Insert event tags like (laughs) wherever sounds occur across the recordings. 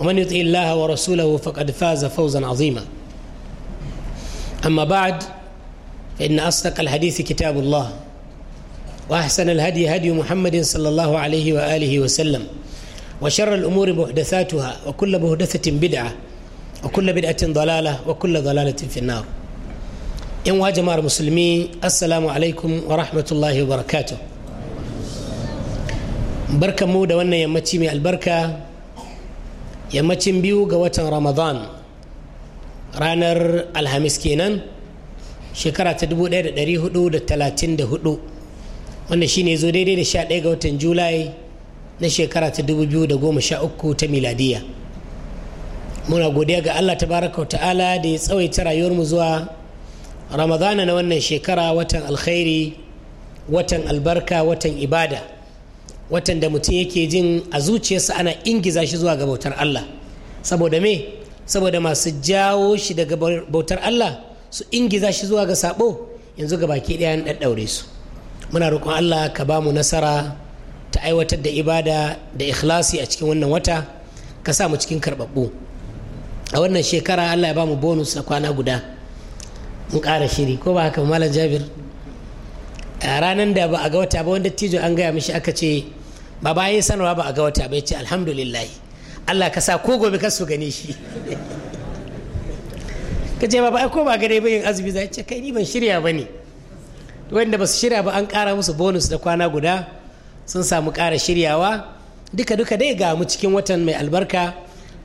ومن يطع الله ورسوله فقد فاز فوزا عظيما أما بعد فإن أصدق الحديث كتاب الله وأحسن الهدي هدي محمد صلى الله عليه وآله وسلم وشر الأمور محدثاتها وكل محدثة بدعة وكل بدعة ضلالة وكل ضلالة في النار إن واجمع المسلمين السلام عليكم ورحمة الله وبركاته بركة مودة وأن يمتي البركة yammacin biyu ga watan ramadan ranar alhamis kenan shekara ta 1434 wanda shine zo daidai da 11 ga watan julai na shekara ta 2013 ta miladiya muna godiya ga allah tabaraka wa ta'ala da ya tsawaita rayuwarmu zuwa ramadana na wannan shekara watan alkhairi watan albarka watan ibada watan da mutum yake jin a zuciyarsa ana ingiza shi zuwa ga bautar Allah saboda me saboda masu jawo shi daga bautar Allah su ingiza shi zuwa ga sabo yanzu ga baki ɗaya ɗaɗɗaure su muna roƙon Allah ka ba mu nasara ta aiwatar da ibada da ikhlasi a cikin wannan wata ka sa mu cikin karɓaɓɓu a wannan shekara Allah ya ba mu bonus na kwana guda mun ƙara shiri ko ba haka malam jabir a ranar da ba a ga wata ba wanda tijo an gaya mishi aka ce ba bayan sanarwa ba a ga wata bai ce alhamdulillahi Allah ka sa ko gobe ka su gane shi (laughs) ka ce ba ko ba gare ba yin azumi za ce kai ni ban shirya ba ne wanda ba su shirya ba an kara musu bonus da kwana guda sun samu kara shiryawa duka duka dai ga mu cikin watan mai albarka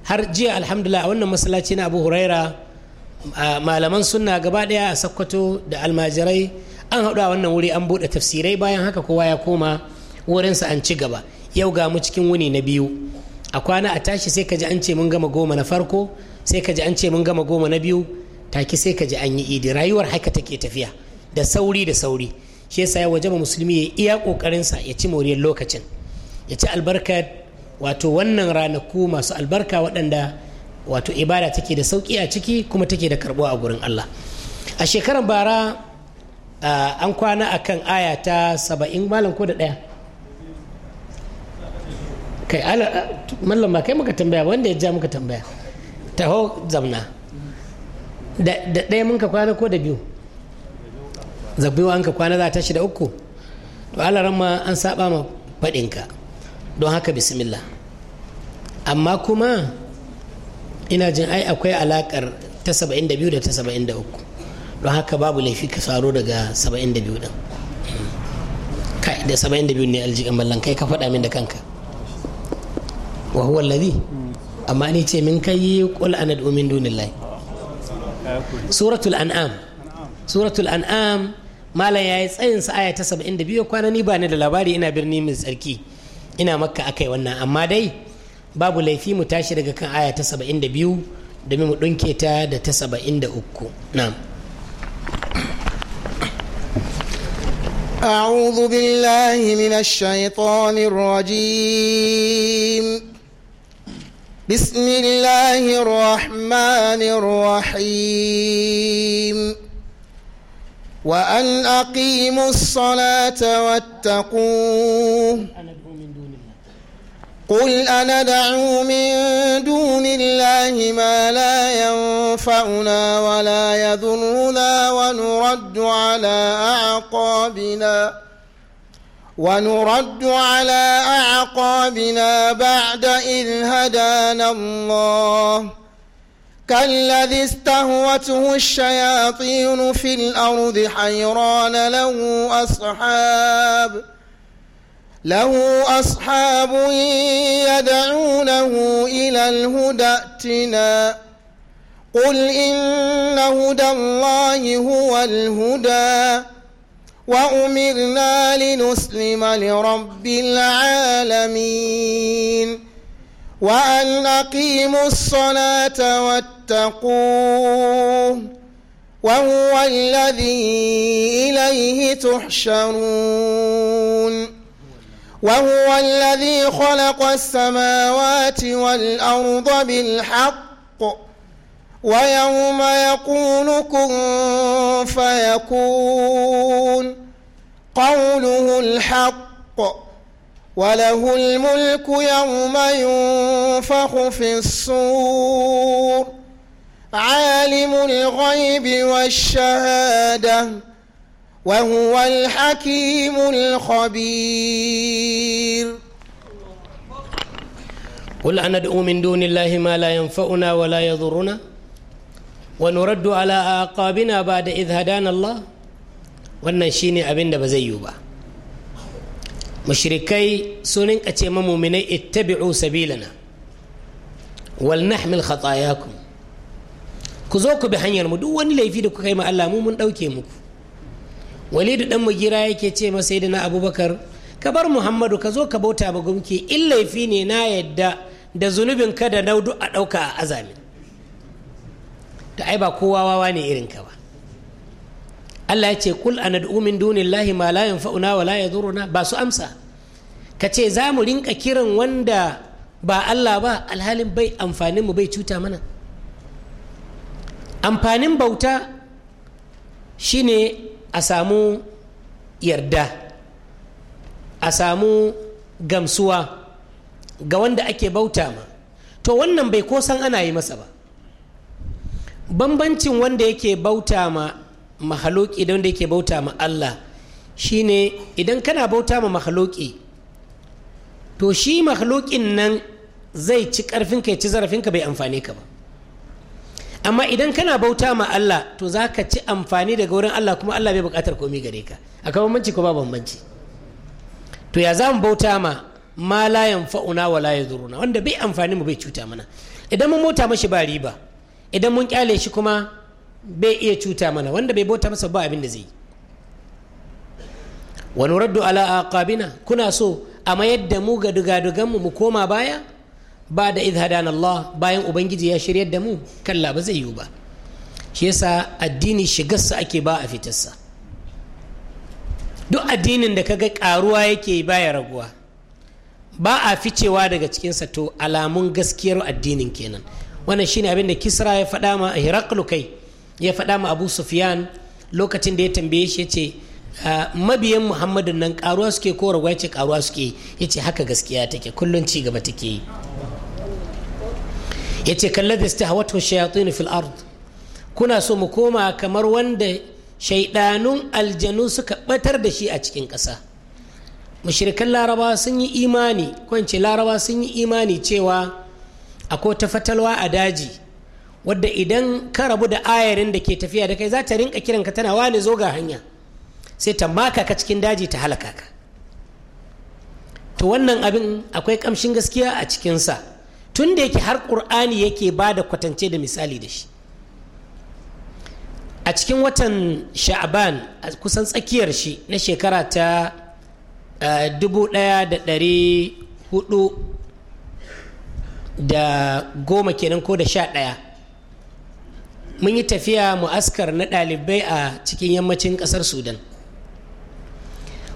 har jiya alhamdulillah a wannan masallaci na abu huraira malaman sunna gaba daya a sakkwato da almajirai an haɗu a wannan wuri an buɗe tafsirai bayan haka kowa ya koma wurinsa an ci gaba yau ga mu cikin wuni na biyu a kwana a tashi sai ka ji an ce mun gama goma na farko sai ka ji an ce mun gama goma na biyu taki sai ka ji an yi idi rayuwar haka take tafiya da sauri da sauri shi yasa ya ma musulmi ya iya kokarin sa ya ci moriyar lokacin ya ci albarka wato wannan ranaku masu albarka waɗanda wato ibada take da sauki a ciki kuma take da karbuwa a gurin Allah a shekarar bara an kwana akan aya ta saba'in malam ko da ɗaya kai ala mallam ba kai muka tambaya wanda ya ja muka tambaya taho zamna da ɗaya mun ka kwana ko da biyu zabbi an ka kwana za ta shi da uku to alaran ma an saba ma faɗinka don haka bismillah amma kuma ina jin ai akwai alakar ta 72 da ta 73 don haka babu laifi ka saro daga 72 din kai da 72 ne aljigan mallan kai ka faɗa min da kanka wa huwa alladhi amma ni ce min kai qul ana ad'u min suratul an'am suratul an'am malam yayi tsayin sa aya ta 72 kwana ni ba ni da labari ina birni mai tsarki ina makka akai wannan amma dai babu laifi mu tashi daga kan aya ta 72 domin mu dunke ta da ta 73 na'am أعوذ بالله من الشيطان الرجيم بسم الله الرحمن الرحيم وأن أقيموا الصلاة واتقوه قل أنا دعو من دون الله ما لا ينفعنا ولا يضرنا ونرد على أعقابنا ونرد على أعقابنا بعد إذ هدانا الله كالذي استهوته الشياطين في الأرض حيران له أصحاب له أصحاب يدعونه إلى الهدى ائتنا قل إن هدى الله هو الهدى وأمرنا لنسلم لرب العالمين وأن أقيموا الصلاة واتقوه وهو الذي إليه تحشرون وهو الذي خلق السماوات والأرض بالحق ويوم يقول كن فيكون قوله الحق وله الملك يوم ينفخ في الصور عالم الغيب والشهادة وهو الحكيم الخبير قل أندعو من دون الله ما لا ينفعنا ولا يضرنا ونرد على أعقابنا بعد إذ هدانا الله wannan shine abin da ba zai yiwu ba mushirikai sunin rinka ce ma muminai ittabi'u sabilana wal nahmil khatayakum ku zo ku bi hanyar mu duk wani laifi da kuka yi ma Allah mu mun dauke muku walidu dan mugira yake ce ma sayyidina abubakar ka bar muhammadu ka zo ka bauta ba gumki in laifi ne na yadda da zunubin ka da naudu a dauka a azamin to ai ba kowa wawa ne irin ka ba Allah ya ce kul anad'u min dunillahi ma la yanfa'una wa la yadhuruna ba su amsa ka ce za mu rinka kiran wanda ba Allah ba alhalin bai amfanin mu bai cuta mana amfanin bauta shine a samu yarda a samu gamsuwa ga wanda ake bauta ma to wannan bai kosan ana yi masa ba bambancin wanda yake bauta ma mahaloki da wanda yake bauta ma Allah shine idan kana bauta ma mahaloki to shi mahalokin nan zai ci karfinka ya ci zarafinka bai amfane ka ba amma idan kana bauta ma Allah to za ka ci amfani daga wurin Allah kuma Allah bai bukatar komi gare ka akwai bambanci ko ba bambanci to ya za mu bauta ma ma la yanfa'una wa la wanda bai amfani mu bai cuta mana idan mun mota mashi ba riba idan mun kyale shi kuma bai iya cuta mana wanda bai bauta masa ba abin da zai wani raddu ala aqabina kuna so a mayar da mu ga dugadugan mu koma baya ba da idhadan Allah bayan ubangiji ya shiryar da mu kalla ba zai yiwu ba shi yasa addini shigarsa ake ba a fitarsa duk addinin da kaga karuwa yake baya raguwa ba a ficewa daga cikinsa to alamun gaskiyar addinin kenan wannan shine abin da kisra ya faɗa ma hiraklu kai ya faɗa ma abu sufyan lokacin da ya tambaye shi ya ce ah, mabiyan Muhammadu nan karuwa suke ko ragwai ce karuwa suke ya ce haka gaskiya take kullum ci gaba take yi ya ce da istahwatu hawa fil ard kuna so mu koma kamar wanda shaidanun aljanu suka batar da shi a cikin ƙasa mushirikan laraba sun yi imani ko laraba sun yi imani cewa akwai ta fatalwa a daji wadda idan ka rabu da ayarin da ke tafiya da kai za ta rinka kiran ka tana wane zo ga hanya sai ta maka ka cikin daji ta halaka ka to wannan abin akwai kamshin gaskiya a cikinsa tun da yake har ƙur'ani yake ba da kwatance da misali da shi a cikin watan sha'aban a kusan tsakiyar shi na shekara ta 1400 eh, da goma kenan ko da sha ɗaya mun yi tafiya mu askar na ɗalibai a cikin yammacin ƙasar sudan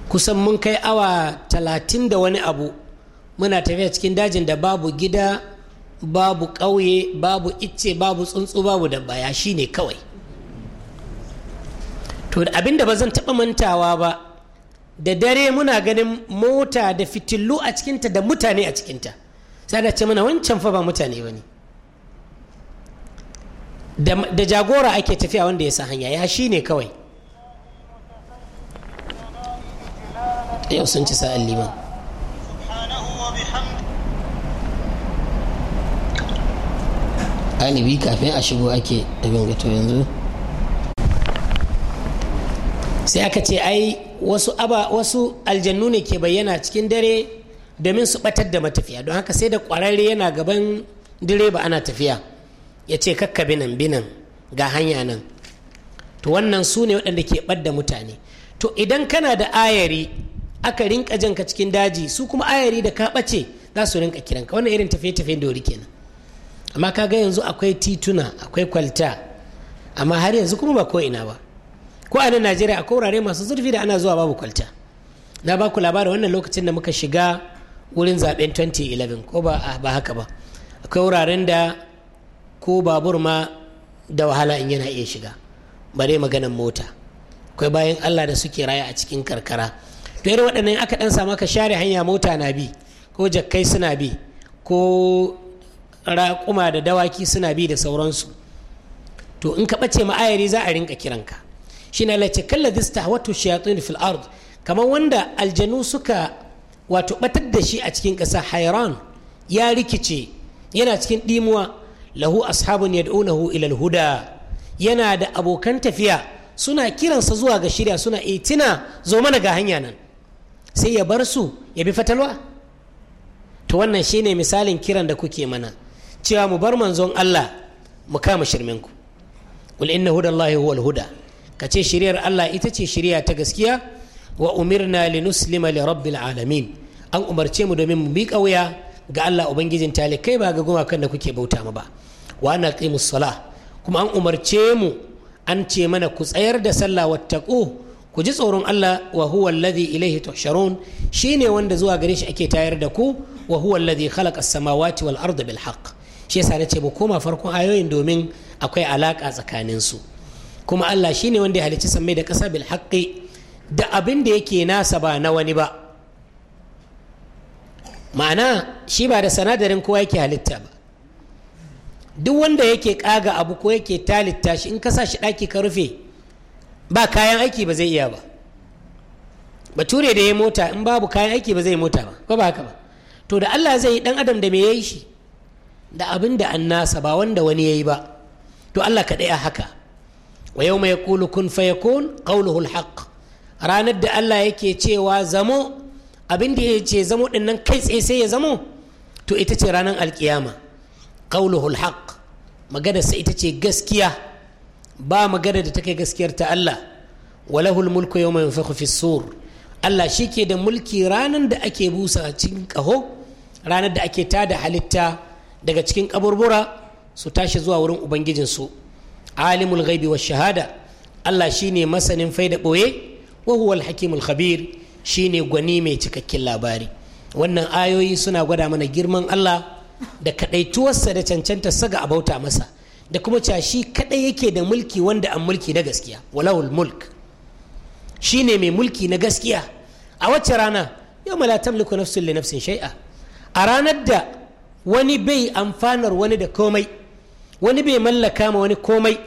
kusan mun kai awa talatin da wani abu muna tafiya cikin dajin da babu gida babu ƙauye babu icce babu tsuntsu babu da baya shi ne kawai to abin da ba zan taɓa mantawa ba da dare muna ganin mota da fitillu a cikinta da mutane a cikinta sai da ce mana wancan fa ba mutane ba ne da jagora ake tafiya wanda ya sa hanya ya shi ne kawai yau sun ci sa'an liman ɗalibi kafin a shigo ake abin gato yanzu sai aka ce ai wasu aba wasu aljannu ne ke bayyana cikin dare domin su batar da matafiya don haka sai da kwararre yana gaban direba ana tafiya ya ce kakka binan binan ga hanya nan to wannan su ne waɗanda ke ɓadda mutane to idan kana da ayari aka rinka janka cikin daji su kuma ayari da ka ɓace za su rinka kiranka wannan irin tafiye tafiye dori kenan amma ka ga yanzu akwai tituna akwai kwalta amma har yanzu kuma ba ko ina ba ko a nan najeriya akwai wurare masu zurfi da ana zuwa babu kwalta na ba ku labarin wannan lokacin da muka shiga wurin zaɓen 2011 ko ba ah, ba haka ba akwai wuraren da ko babur ma da wahala in yana iya shiga bare maganan mota akwai bayan allah da suke raya a cikin karkara to irin waɗannan aka ɗan samu ka share hanya mota na bi ko jakkai suna bi ko raƙuma da dawaki suna bi da sauransu to in ka ɓace ma'ayari za a rinka kiranka shi na lace kalla dista wato shayatun fil ard kamar wanda aljanu suka wato batar da shi a cikin ƙasa hairan ya rikice yana cikin ɗimuwa lahu ashabun yad-auna-hu ilal huda yana da abokan tafiya suna kiransa zuwa ga shirya suna itina eh, zo mana ga hanya nan sai ya bar su ya bi fatalwa to wannan shine misalin kiran da kuke mana cewa mu bar manzon Allah mu kama shirminku qul inna hudallahi huwal huda kace shiriyar Allah ita ce shiriya ta gaskiya wa umirna linuslima li rabbil alamin an umarce mu domin mu miƙa wuya ga Allah ubangijin kai ba ga gumakan da kuke bauta mu ba wa ana qimus sala kuma an umarce mu an ce mana ku tsayar da sallah wattaqu ku ji tsoron Allah wa huwa alladhi ilayhi tuhsharun shine wanda zuwa gare shi ake tayar da ku wa huwa alladhi khalaqa as-samawati wal arda bil haqq shi yasa nace mu koma farkon ayoyin domin akwai alaka tsakaninsu su kuma Allah shine wanda ya halicci sammai da ƙasa bil haqqi da abin da yake nasa ba na wani ba ma'ana shi ba da sanadarin kowa yake halitta ba duk wanda yake kaga abu ko yake talitta shi in ka shi ɗaki ka rufe ba kayan aiki ba zai iya ba bature da ya mota in babu kayan aiki ba zai mota ba ba haka ba to da allah zai yi dan adam da me ya yi shi da abin da an nasa ba wanda wani ya yi ba to allah kaɗai a haka wa yau mai kun fayakun ƙauluhul haqq ranar da Allah yake cewa zamo abin da ya ce zamo din nan kai tsaye sai ya zamo to ita ce ranar alkiyama qauluhul haq magana sai ita ce gaskiya ba magana da take gaskiyar ta Allah walahul mulku yawma yunfakhu fi sur Allah shike da mulki ranar da ake busa cikin kaho ranar da ake tada halitta daga cikin kaburbura su tashi zuwa wurin ubangijinsu alimul ghaibi wa shahada Allah shine masanin faida ɓoye wa huwa al-hakimul khabir shine gwani mai cikakken labari wannan ayoyi suna gwada mana girman Allah da kadaituwarsa da cancanta saga a bauta masa da kuma cewa shi kadai yake da mulki wanda an mulki na gaskiya walahul mulk shine mai mulki na gaskiya a wacce rana yau la tamliku nafsun li nafsin shay'a a ranar da wani bai amfanar wani da komai wani bai mallaka ma wani komai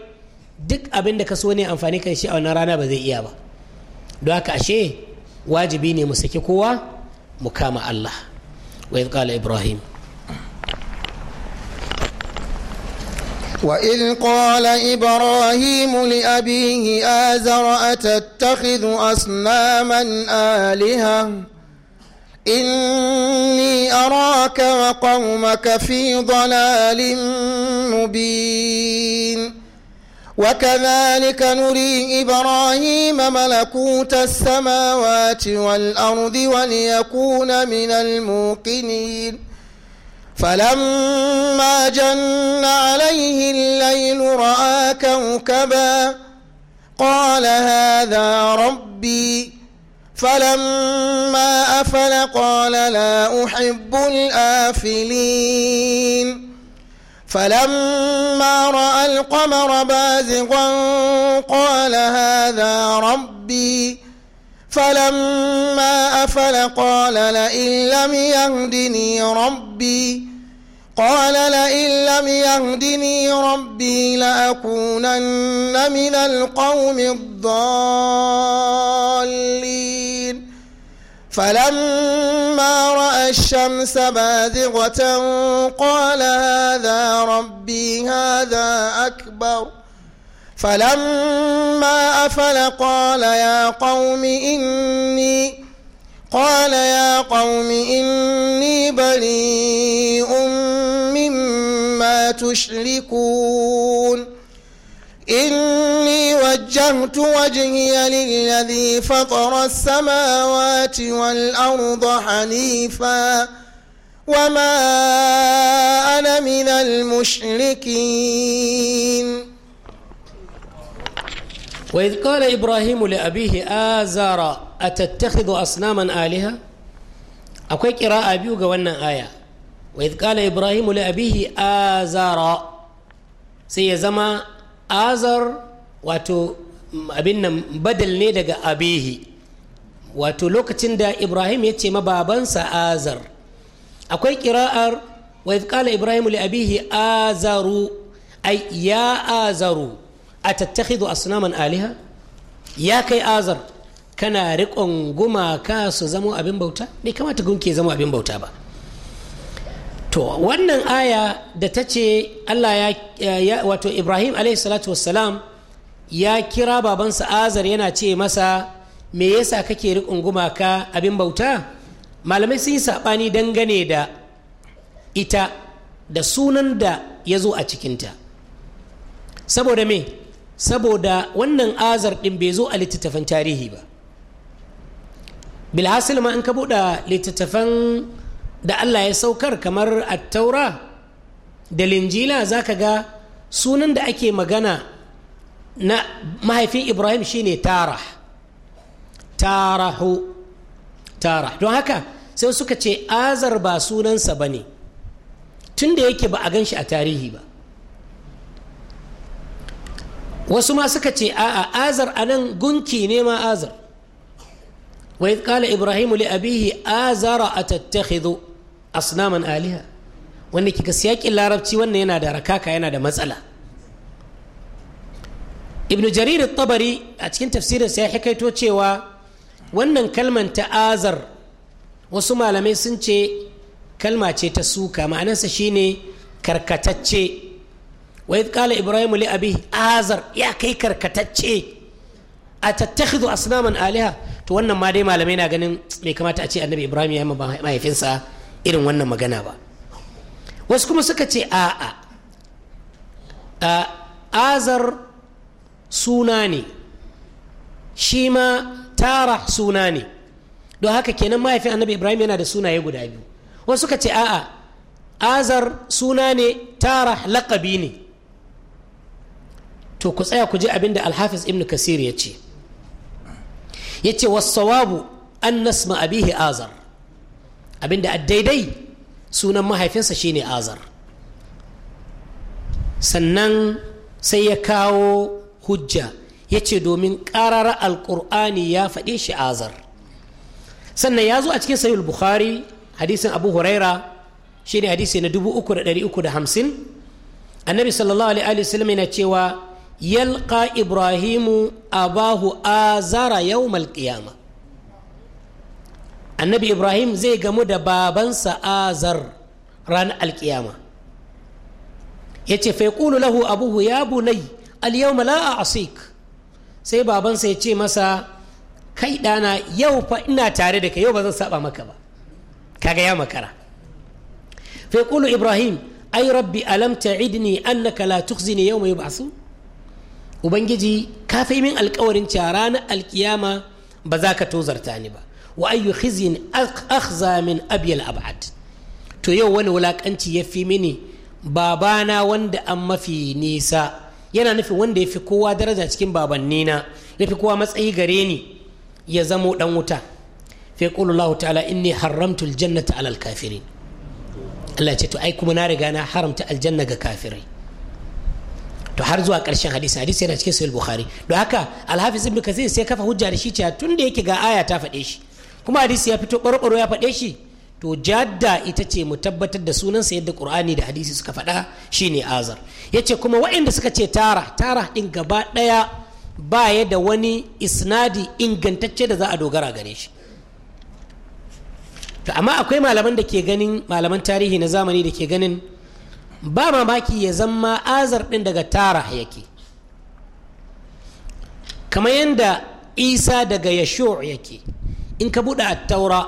duk abin da ka so ne amfani kan shi a wannan rana ba zai iya ba don haka ashe wajibi ne mu saki kowa mu kama Allah wa idh qala ibrahim وإذ قال إبراهيم لأبيه آزر أتتخذ أصناما آلهة إني أراك وقومك في ضلال مبين وكذلك نري إبراهيم ملكوت السماوات والأرض وليكون من الموقنين فلما جن عليه الليل رأى كوكبا قال هذا ربي فلما أفل قال لا أحب الآفلين فلما رأى القمر بازغا قال هذا ربي فلما أفل قال لئن لم يهدني ربي قال لئن لم يهدني ربي لأكونن من القوم الضالين فلما رأى الشمس باذغة قال هذا ربي هذا أكبر فلما أفل قال يا قوم إني قال يا قوم إني بريء مما تشركون إني وجهت وجهي للذي فطر السماوات والأرض حنيفا وما أنا من المشركين وإذ قال إبراهيم لأبيه آزار أتتخذ أصناما آلهة أكوي كراء أبيه قولنا آية وإذ قال إبراهيم لأبيه آزار سيزما azar wato abin nan badal ne daga abihi wato lokacin da ibrahim ya ce mababansa azar akwai kira'ar wa kala ibrahim li abihi azaru ai ya azaru a tattakhidhu asnaman aliha ya kai azar kana riƙon gumaka su zamo abin bauta bai kamata gunke zama abin bauta ba to wannan aya da ta ce allah ya wato ibrahim salatu ya kira babansa azar yana ce masa me yasa kake riƙon gumaka abin bauta malamai sun yi saɓani dangane da ita da sunan da ya zo a cikinta saboda me saboda wannan azar ɗin bai zo a littattafan tarihi ba bilhassil ma in ka buɗe littattafan da Allah ya saukar kamar attaura da linjila za ka ga sunan da ake magana na mahaifin ibrahim shine tara tarahu tara don haka sai suka ce azar ba sunansa ba ne tun da yake ba a gan shi a tarihi ba wasu ma suka ce a'a azar nan gunki ne ma azar wai kala ibrahimu li abihi azara atattakhidhu asnaman aliha wanda kika siyaƙin larabci wannan yana da rakaka yana da matsala ibn jarir tabari a cikin tafsirin sai hikaito cewa wannan kalman ta'azar wasu malamai sun ce kalma ce ta suka ma'anarsa shine karkatacce wa kala qala ibrahimu li abi azar ya kai karkatacce atattakhidhu asnaman aliha to wannan ma dai malamai na ganin me kamata a ce annabi ibrahim ya mahaifinsa irin wannan magana ba wasu kuma suka ce a'a azar suna ne shi ma tara suna ne don haka kenan mahaifin annabi ibrahim yana da sunaye guda biyu wasu suka ce a'a azar suna ne tara laƙabi ne to ku tsaya ku ji abin da alhafiz ibn kasir ya ce ya ce wasu sawabu an nasma abihi azar abinda a daidai sunan mahaifinsa shine azar sannan sai ya kawo hujja ya ce domin ƙarara alƙur'ani ya faɗe shi azar sannan ya zo a cikin sayul bukhari hadisin abu huraira shi ne hadisi na 3,350 annabi sallallahu alaihi wasallam yana cewa yalqa ibrahimu abahu azara yawmal qiyama annabi ibrahim zai gamu da babansa azar ranar alkiyama ya ce faikulu lahu abuhu ya bunai alyawma la asik sai babansa ya ce masa kai ɗana yau fa ina tare da kai yau ba zan saba maka ba kaga ya makara faikulu ibrahim ai rabbi alam ta'idni annaka la tukhzini yawma yub'asu ubangiji ka min alkawarin cewa ranar alkiyama ba za ka tozarta ni ba wa ayyu khizyin akhza min abyal ab'ad to yau wani wulakanci ya fi mini babana wanda an mafi nisa yana nufi wanda ya fi kowa daraja cikin babannina ya fi kowa matsayi gare ni ya zamo dan wuta fa yaqulu ta'ala inni haramtu aljannata alal kafirin Allah ce to ai kuma na riga na haramta aljanna ga kafirai to har zuwa ƙarshen hadisi hadisi yana cikin sahih bukhari don haka alhafiz ibn kasir sai kafa hujja da shi cewa tun da yake ga aya ta faɗe shi kuma hadisi ya fito ɓarɓaro ya faɗe shi to jadda ita ce mu tabbatar da sunansa yadda qur'ani da hadisi suka faɗa shine azar yace kuma waɗanda suka ce tara tara ɗin gaba ɗaya ba ya da wani isnadi ingantacce da za a dogara gare shi to amma akwai malaman da ke ganin malaman tarihi na zamani da ke ganin ba mamaki ya zama azar ɗin daga tara yake kamar yadda isa daga yashu yake in ka buɗe attaura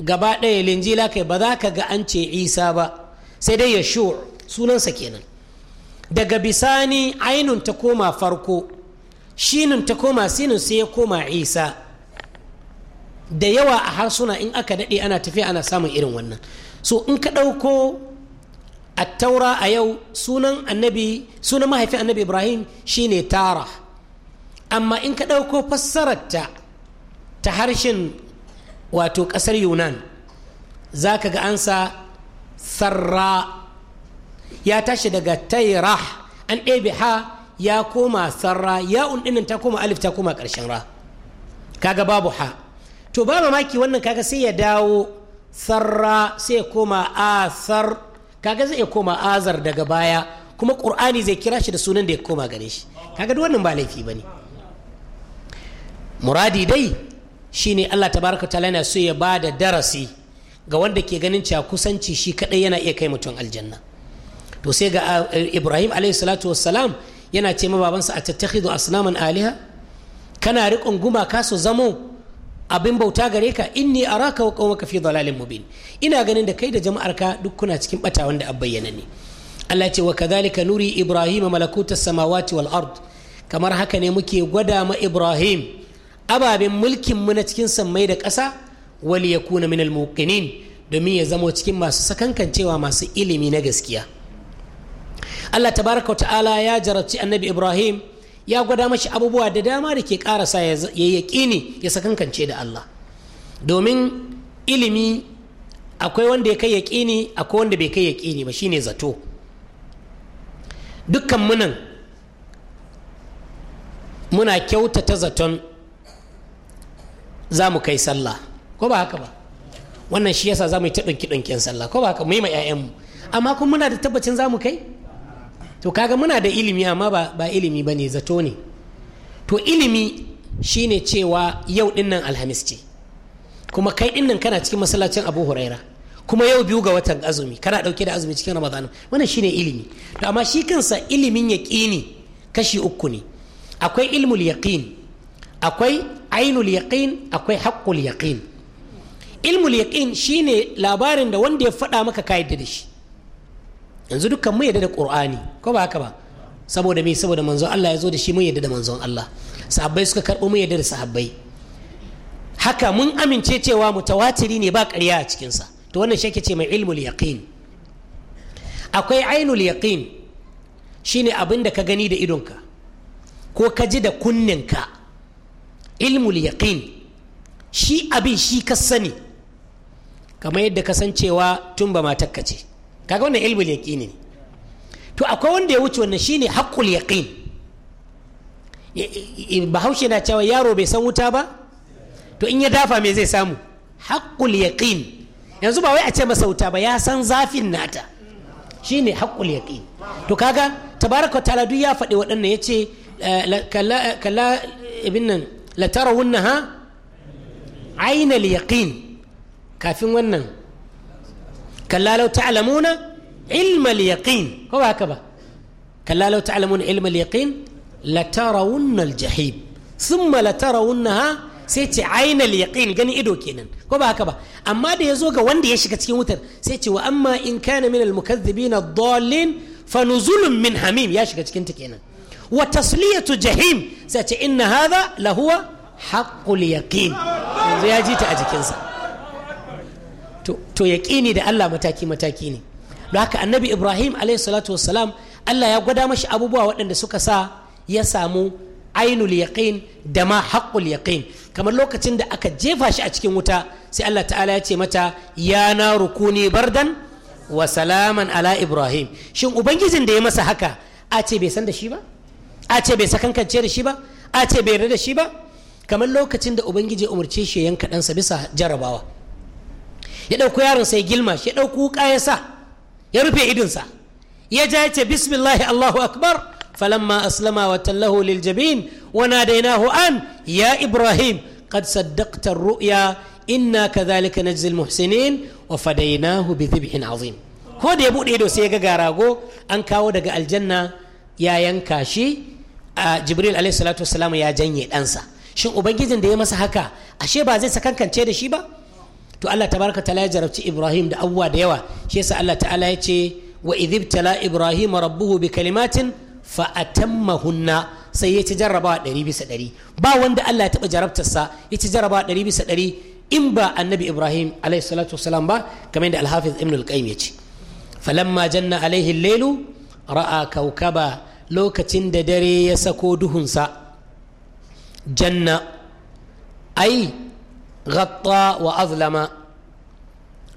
gaba ɗaya linjila kai ba za ka ga an ce isa ba sai dai yashu sunansa kenan daga bisani ainun ta koma farko shinun ta koma sinun sai ya koma isa da yawa a harsuna in aka daɗe ana tafiya ana samun irin wannan so in ka ɗauko taura a yau sunan annabi sunan mahaifin annabi ibrahim shine tara amma in ka ɗauko fassararta ta harshen wato ƙasar yunan za ka ga ansa sarra ya tashi daga taira an ɗebe ha ya koma sarra ya ɗinin ta koma alif ta koma ƙarshen ra kaga babu ha to ba mamaki wannan kaga sai ya dawo sarra sai ya koma asar kaga zai koma azar daga baya kuma ƙur'ani zai kira shi da sunan da ya koma gare shi kaga duk wannan ba laifi ba ne muradi dai shine Allah tabaraka ta'ala yana so ya bada darasi ga wanda ke ganin cewa kusanci shi kadai yana iya kai mutum aljanna to sai ga eh, Ibrahim alaihi salatu wassalam yana ce ma babansa atattakhidu asnaman aliha kana riƙon gumaka su zamo abin bauta gare ka inni araka wa qaumaka fi dalalin mubin ina ganin da kai da jama'arka duk kuna cikin bata wanda a bayyana ne Allah ce wa kadhalika nuri ibrahima malakuta samawati wal ard kamar haka ne muke gwada ma ibrahim ababen mulkin mu na cikin sammai da ƙasa ya kuna minal muqinin domin ya zama cikin masu sakankancewa masu ilimi na gaskiya Allah tabaraka ta'ala ya jarabci annabi Ibrahim ya gwada mashi abubuwa da dama da ke karasa ya yaƙini ya sakankance da Allah domin ilimi akwai wanda ya kai yaƙini akwai wanda bai kai yaƙini ba shine zato dukkan munan muna kyautata zaton za mu kai sallah ko ba haka ba wannan shi yasa za mu yi ta ɗunki ɗunkin sallah ko ba haka mu yi ma 'ya'yanmu amma kuma muna da tabbacin za mu kai to kaga muna da ilimi amma ba, ba ilimi ba ne zato ne to ilimi shine cewa yau nan alhamis ce kuma kai ɗinnan kana cikin masallacin abu huraira kuma yau biyu ga watan azumi kana ɗauke da azumi cikin ramadan wannan shine ilimi to amma shi kansa ilimin yaƙini kashi uku ne akwai ilmul yaqin akwai ainul yaqin akwai haqqul yaqin ilmul yaqin shine labarin da wanda ya faɗa maka ka yadda da shi yanzu dukkan mu yadda da qur'ani ko ba haka ba saboda me saboda manzon Allah ya zo da shi mun yadda da manzon Allah sahabbai suka karɓo mun yadda da sahabbai haka mun amince cewa mutawatiri ne ba ƙarya a cikinsa to wannan shi ce mai ilmul yaqin akwai ainul yaqin shine abin da ka gani da idonka ko ka ji da kunninka ilmul yaqin shi abin shi ka sani kamar yadda ka san cewa tun ba matakka ce kaga wannan ilmul yaqini ne to akwai wanda ya wuce wannan ne haqqul yaƙin bahaushe na cewa yaro bai san wuta ba to in ya dafa me zai samu haƙƙul yaƙin yanzu ba wai a ce masa wuta ba ya san zafin nata shi ne haƙƙul yaƙin to kaga tabaraka ta'ala duk ya faɗi waɗannan ce eh, kalla ibn nan latarawunnaha ainal yaqin kafin wannan kallalau ta'lamuna ilmal yaqin ko ba haka ba kallalau ta'lamuna ilmal yaqin latarawunnal jahim thumma latarawunnaha sai ce ainal yaqin gani ido kenan ko ba haka amma da ya zo ga wanda ya shiga cikin wutar sai ce wa amma in kana min al mukaththibina ad fa hamim ya shiga cikin ta kenan wa jahim sai ce inna hadha lahuwa haqqul yaƙin. yanzu ya ji ta a jikinsa to to da Allah mataki mataki ne don haka annabi Ibrahim alayhi wassalam Allah ya gwada mashi abubuwa waɗanda suka sa ya samu ainul yaƙin da ma haƙul yaƙin kamar lokacin da aka jefa shi a cikin wuta sai Allah ta'ala ya ce mata ya na rukuni bardan wa salaman ala ibrahim shin ubangijin da ya masa haka a ce bai san da shi ba a ce bai sakankance da shi ba a ce bai yarda da shi ba kamar lokacin da ubangiji umarce shi yanka ɗansa bisa jarabawa ya ɗauko yaron sai gilma shi ya ɗauko wuƙa ya sa ya rufe idinsa ya ja ya ce bismillahi allahu akbar falamma aslama wa tallahu lil jabin wa nadainahu an ya ibrahim qad saddaqta ru'ya inna kadhalika najzi al muhsinin wa fadainahu bi dhibhin azim ko da ya buɗe ido sai ya ga garago an kawo daga aljanna ya yanka shi jibril alaihi salatu wasalam ya janye ɗansa shin ubangijin da ya masa haka ashe ba zai sakankance da shi ba to Allah tabaraka tala ya jarabci Ibrahim da abubuwa da yawa shi yasa Allah ta'ala ya ce wa tala Ibrahim rabbuhu bi kalimatin fa atammahunna sai ya ci jarrabawa ɗari bisa ɗari ba wanda Allah ya taɓa jarabtarsa ya ci jarrabawa ɗari bisa ɗari in ba annabi Ibrahim alaihi salatu wasalam ba kamar yadda alhafiz ibn al-qayyim ya ce falamma janna alaihi lailu ra'a kaukaba lokacin da dare ya sako duhunsa janna ai ghatta wa azlama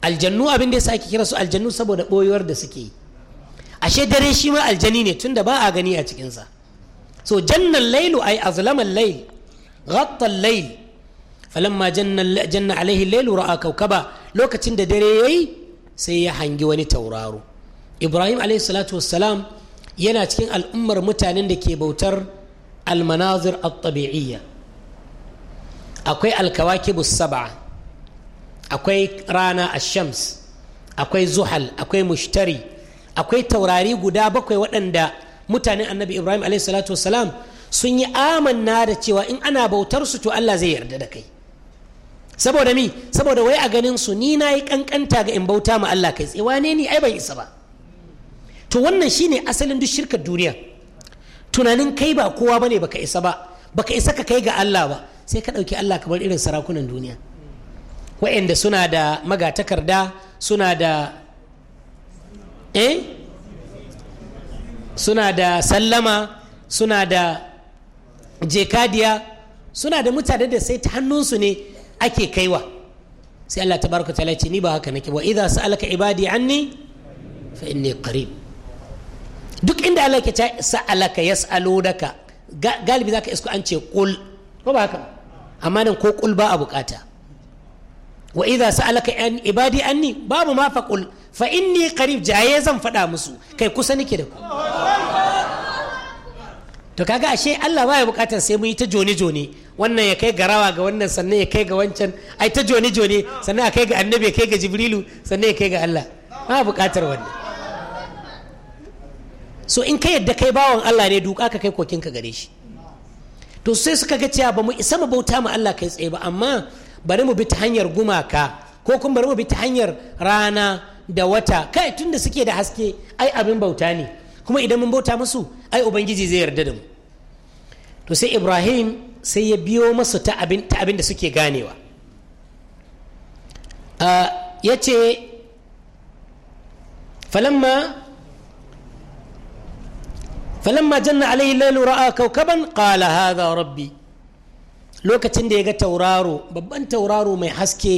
aljannu abin da ya sake kira su aljannu saboda ɓoyuwar da suke yi ashe dare shi ma aljani ne tunda ba a gani a cikinsa so jannan lailu ai azlaman lail ghatta lail falamma janna alaihi lailu ra'a kaukaba lokacin da dare yayi sai ya hangi wani tauraro ibrahim alaihi salatu wassalam yana cikin al'ummar mutanen da ke bautar almanazir a tabiiyya akwai alkawakibus sab'a akwai rana ashams shams akwai zuhal akwai mushtari akwai taurari guda bakwai waɗanda mutanen annabi ibrahim a.s. sun yi amanna da cewa in ana bautar su to allah zai yarda da kai saboda mi saboda wai a ganin su ni na yi kankanta ga in bauta ma allah kai tsaye wane ni ai ban isa ba to wannan shine asalin duk shirkar duniya tunanin kai ba kowa bane baka isa ba baka isa ka kai ga Allah ba sai ka ɗauki Allah kamar irin sarakunan duniya wa'anda suna da magatakarda suna da eh suna da sallama suna da jekadiya suna da mutane da sai ta hannunsu ne ake kaiwa sai Allah ta baraka ta ce ni ba haka nake wa idza sa'alaka ibadi anni fa inni qarib duk inda Allah ke ta sa'alaka yas'alunaka galibi zaka isko an ce kul ko ba haka amma nan ko kul ba a bukata wa idza sa'alaka an ibadi anni babu ma fa kul fa inni qarib jaye zan faɗa musu kai kusa nake da ku to kaga ashe Allah baya bukatar sai mun yi ta joni joni wannan ya kai ga rawa ga wannan sannan ya kai ga wancan ai ta joni joni sannan ya kai ga annabi ya kai ga jibrilu sannan ya kai ga Allah ba bukatar wannan so in ka yadda kai bawan Allah ne duka ka kai kokin ka gare shi to sai suka ga cewa ba mu isa mu bauta mu Allah kai tsaye ba amma bari mu bi ta hanyar gumaka ko kuma bari mu bi ta hanyar rana da wata kai tunda suke da haske ai abin bauta ne kuma idan mun bauta musu ai ubangiji zai yarda da mu to sai Ibrahim sai ya biyo masu ta abin ta abin da suke ganewa ah, ya ce falamma falan janna alaihi lailu ra'a kaukaban qala hadha rabbi lokacin da ya ga tauraro babban tauraro mai haske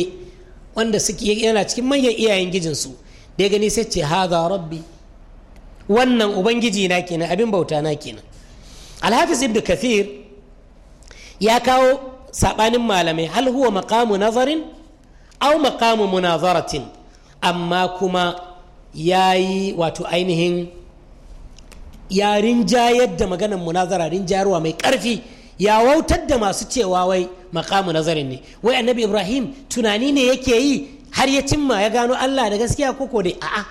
wanda yana cikin manyan iyayen gijinsu da ya gani sai ce hadha rabbi wannan ubangiji na kenan abin bauta na kenan alhafiz ibn kathir ya kawo saɓanin malamai hal huwa maqamu nazarin au maqamu munazaratin amma kuma yayi wato ainihin ya rinjayar da maganar munazara rinjayarwa mai karfi ya wautar da masu cewa wai makamu nazarin ne wai annabi ibrahim tunani ne yake yi har ya cimma ya gano allah da gaskiya ko dai a'a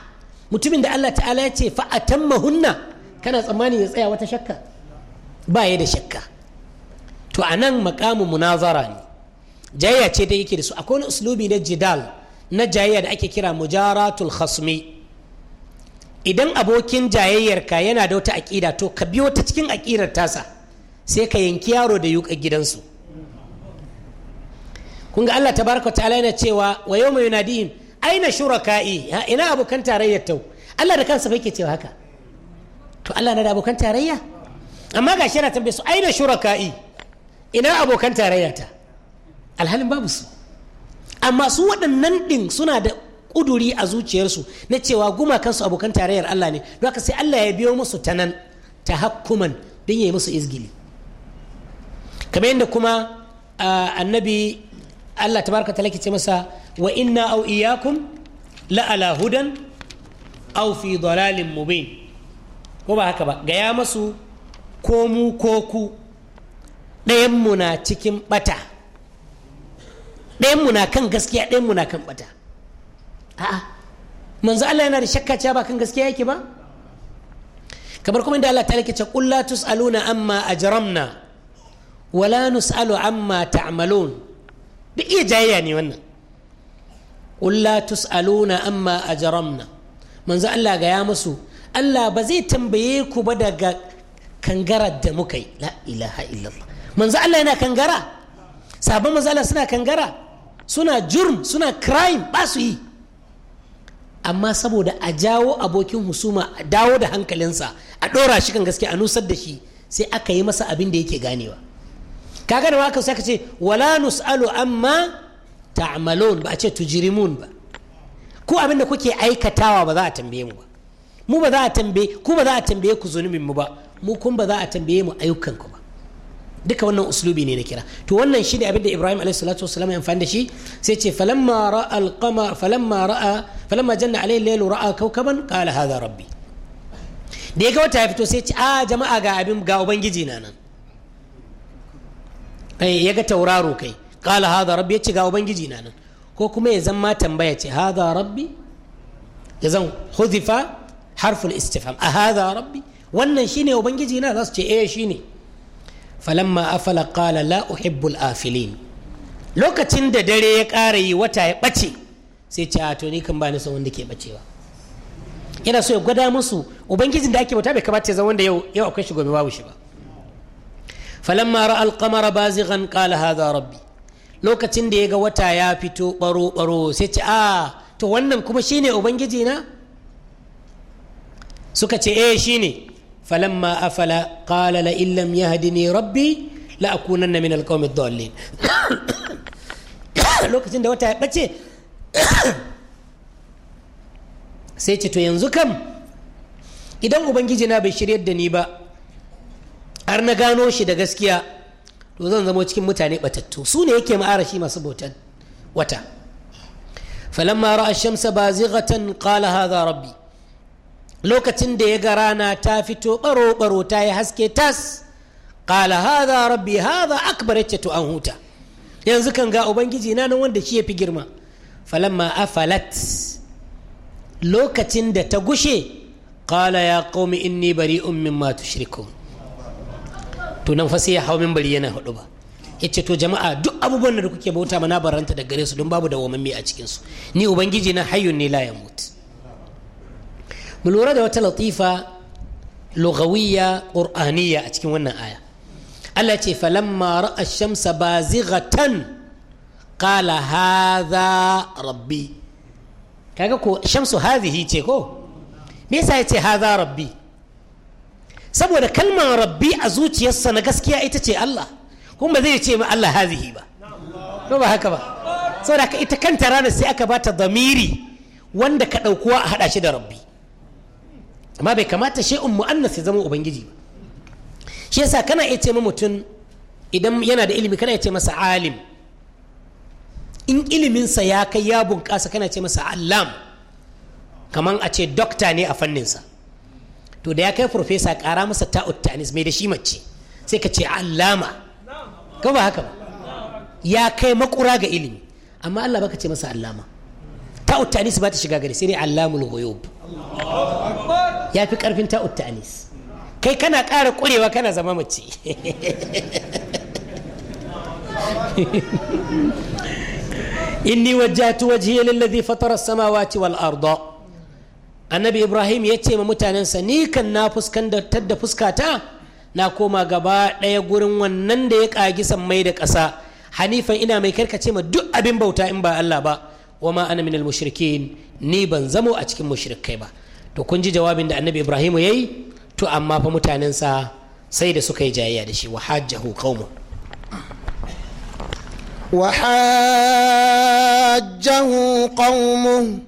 mutumin da allah ta'ala ya ce fa'atan mahunna kana tsammani ya tsaya wata shakka ba ya da shakka to a nan makamu munazara ne jayya ce da yake da su akwai wani uslubi na jidal na jayya da ake kira mujaratul khasmi idan abokin jayayyarka yana da wata aƙida to ka biyo ta cikin aƙidar tasa sai ka yanki yaro da yuƙa gidansu kun ga Allah tabaraka ta'ala yana cewa wa yawma yunadihim aina shuraka'i ina abokan tarayyar tau Allah da kansa fa yake cewa haka to Allah na da abokan tarayya amma ga shi yana tambaye su aina shuraka'i ina abokan tarayya ta alhalin babu su amma su waɗannan ɗin suna da uduri a zuciyarsu na cewa gumakansu abokan tarayyar Allah ne don haka sai Allah ya biyo musu ta nan ta hakkuman don ya yi musu izgili kamar yadda kuma annabi Allah ta baraka talaki ce masa wa inna au iyakum la hudan au fi dalalin mubin ko ba haka ba gaya masu ko mu ko ku ɗayanmu na cikin ɓata ɗayanmu na kan gaskiya ɗayanmu na kan ɓata a'a manzo Allah yana da shakka cewa ba kan gaskiya yake ba kamar kuma inda Allah ta yake ce qul la tusaluna amma ajramna wala nusalu amma ta'malun da iya jayayya ne wannan qul la tusaluna amma ajramna manzo Allah ga ya musu Allah ba zai tambaye ku ba daga kangarar da muka yi la ilaha illallah manzo Allah yana kangara sabon manzo Allah suna kangara suna jurm suna crime ba su yi amma saboda a jawo abokin husuma a dawo da hankalinsa a ɗora shi kan gaske a nusar da shi sai aka yi masa abin da yake ganewa kaga da waka sai ka ce wala nus'alu amma ta'malun ba a ce tujrimun ba ko abin da kuke aikatawa ba za a tambaye mu ba mu ba za a tambaye ku ba za a tambaye ku zunubin mu ba mu kun ba za a tambaye mu ayyukan ku ba duka wannan uslubi ne na kira to wannan shi ne abin da Ibrahim alaihi salatu wassalam ya amfani da shi sai ce falamma ra'a al-qamar falamma ra'a falamma janna alaihi layl ra'a kawkaban qala hadha rabbi da ya ga wata ya fito sai ce a ah, jama'a ga abin ga ubangiji na nan eh, ya ga tauraro kai qala hadha rabbi ya ce ga ubangiji na nan ko kuma ya zama tambaya ce hadha rabbi ya zan huzifa harful istifham a hadha rabbi wannan shine ubangiji na za su ce eh shine falamma afala qala la uhibbul afilin lokacin da dare ya kara yi wata ya ɓace sai ce to ni kan bani son wanda ke ɓacewa yana so ya gwada musu ubangijin da ake bauta bai kamata ya zama wanda yau yau akwai shi gobe babu shi ba falamma ra'a al-qamara bazighan qala hadha rabbi lokacin da ya ga wata ya fito baro baro sai ce a to wannan kuma shine ubangiji na suka ce eh shine فلما أفل قال لئن لم يهدني ربي لأكونن من القوم الضالين lokacin da wata ya ɓace sai ce to yanzu kam idan ubangiji na bai shiryar da ni ba har na gano shi da gaskiya to zan zamo cikin mutane batattu su ne yake ma'arashi masu bautan wata falamma ra'a shamsa bazighatan kala haza rabbi lokacin da ya ga rana ta fito baro-baro ta yi haske tas ƙala haza rabbi haza akbar yace to an huta yanzu kan ga ubangiji na nan wanda shi ya fi girma falamma afalat lokacin da ta gushe ƙala ya qaumi inni bari'un mimma tushrikun to nan fa sai ya hau bari yana hudu ba yace to jama'a duk abubuwan da kuke bauta mana baranta da gare su don babu dawwamamme a cikin su ni ubangiji na hayyun ne la yamut mu lura da wata latifa lugawiya qur'aniyya a cikin wannan aya Allah ce falamma ra'a shamsa bazighatan qala hadha rabbi kaga ko shamsu hadhihi ce ko me yasa ce hadha rabbi saboda kalmar rabbi a zuciyarsa na gaskiya ita ce Allah kuma zai ce ma Allah hadhihi ba ko ba haka ba saboda ita kanta ranar sai aka bata damiri wanda ka ɗaukuwa a haɗa shi da rabbi amma bai kamata shay'un mu'annas ya zama ubangiji ba shi yasa kana iya ce mutum idan yana da ilimi kana iya ce masa alim in iliminsa ya kai ya bunƙasa kana ce masa allam kamar a ce dokta ne a fanninsa to da ya kai farfesa ƙara masa ta'ut mai da shi mace sai ka ce allama ka ba haka ba ya kai makura ga ilimi amma Allah baka ce masa allama ta'ut ba ta shiga gari sai dai allamul ghuyub ya fi ƙarfin ta'ud anis kai kana ƙara ƙurewa kana zama mace inni wajjatu wajhiya lillazi fatara samawati wal arda annabi ibrahim ya ce ma mutanensa ni kan na fuskantar da fuskata na koma gaba ɗaya gurin wannan da ya ƙagi mai da ƙasa hanifan ina mai karkace ma duk abin bauta in ba Allah ba wa ma ana minal mushrikin ni ban zamo a cikin mushrikai ba to kun ji jawabin da annabi ibrahim ya yi to amma fa mutanensa sai da suka yi jayayya da shi wa hajjahu qaumun وحاجه قومه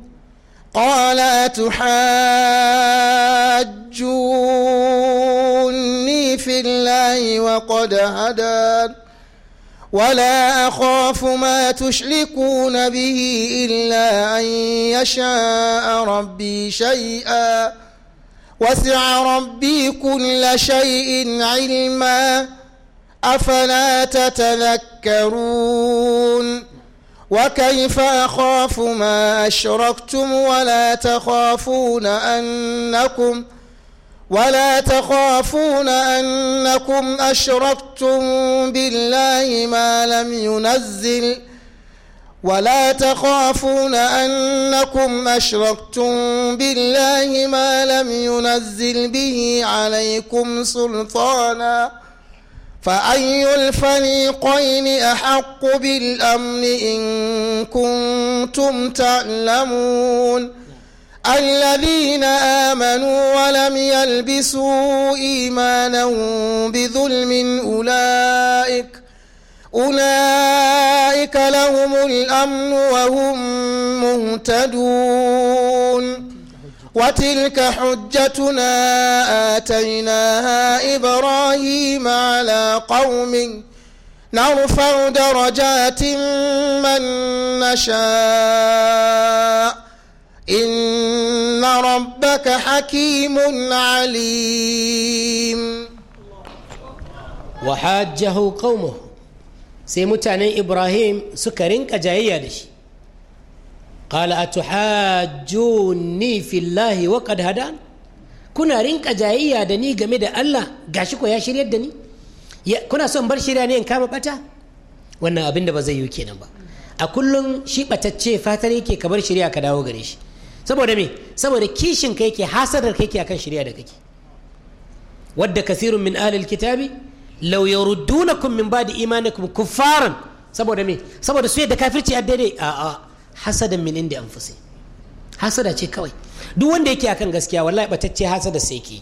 قال أتحاجوني في الله وقد هدان ولا أخاف ما تشركون به إلا أن يشاء ربي شيئا وسع ربي كل شيء علما أفلا تتذكرون وكيف أخاف ما أشركتم ولا تخافون أنكم ۖ ولا تخافون أنكم أشركتم بالله ما لم ينزل ولا تخافون أنكم أشركتم بالله ما لم ينزل به عليكم سلطانا فأي الفريقين أحق بالأمن إن كنتم تعلمون ۖ الذين آمنوا ولم يلبسوا إيمانهم بظلم أولئك أولئك لهم الأمن وهم مهتدون وتلك حجتنا آتيناها إبراهيم على قوم نرفع درجات من نشاء إن ربك حكيم عليم وحاجه قومه sai mutanen ibrahim suka rinka jayayya da shi qala atuhajjuni fillahi wa qad hadan kuna rinka jayayya da ni game da Allah gashi ya shiryar da ni kuna son bar shirya ne in kama bata wannan abinda ba zai yi kenan ba a kullum shi batacce fatar yake ka bar shirya ka dawo gare shi saboda me saboda kishin kai ke hasadar kai ke akan shirya da kake wadda kasirun min alil kitabi law yurdunakum min ba'di imanikum kuffaran saboda me saboda su yadda kafirci a daidai a a hasadan min inda anfusi hasada ce kawai duk wanda yake akan gaskiya wallahi batacce hasada sai ke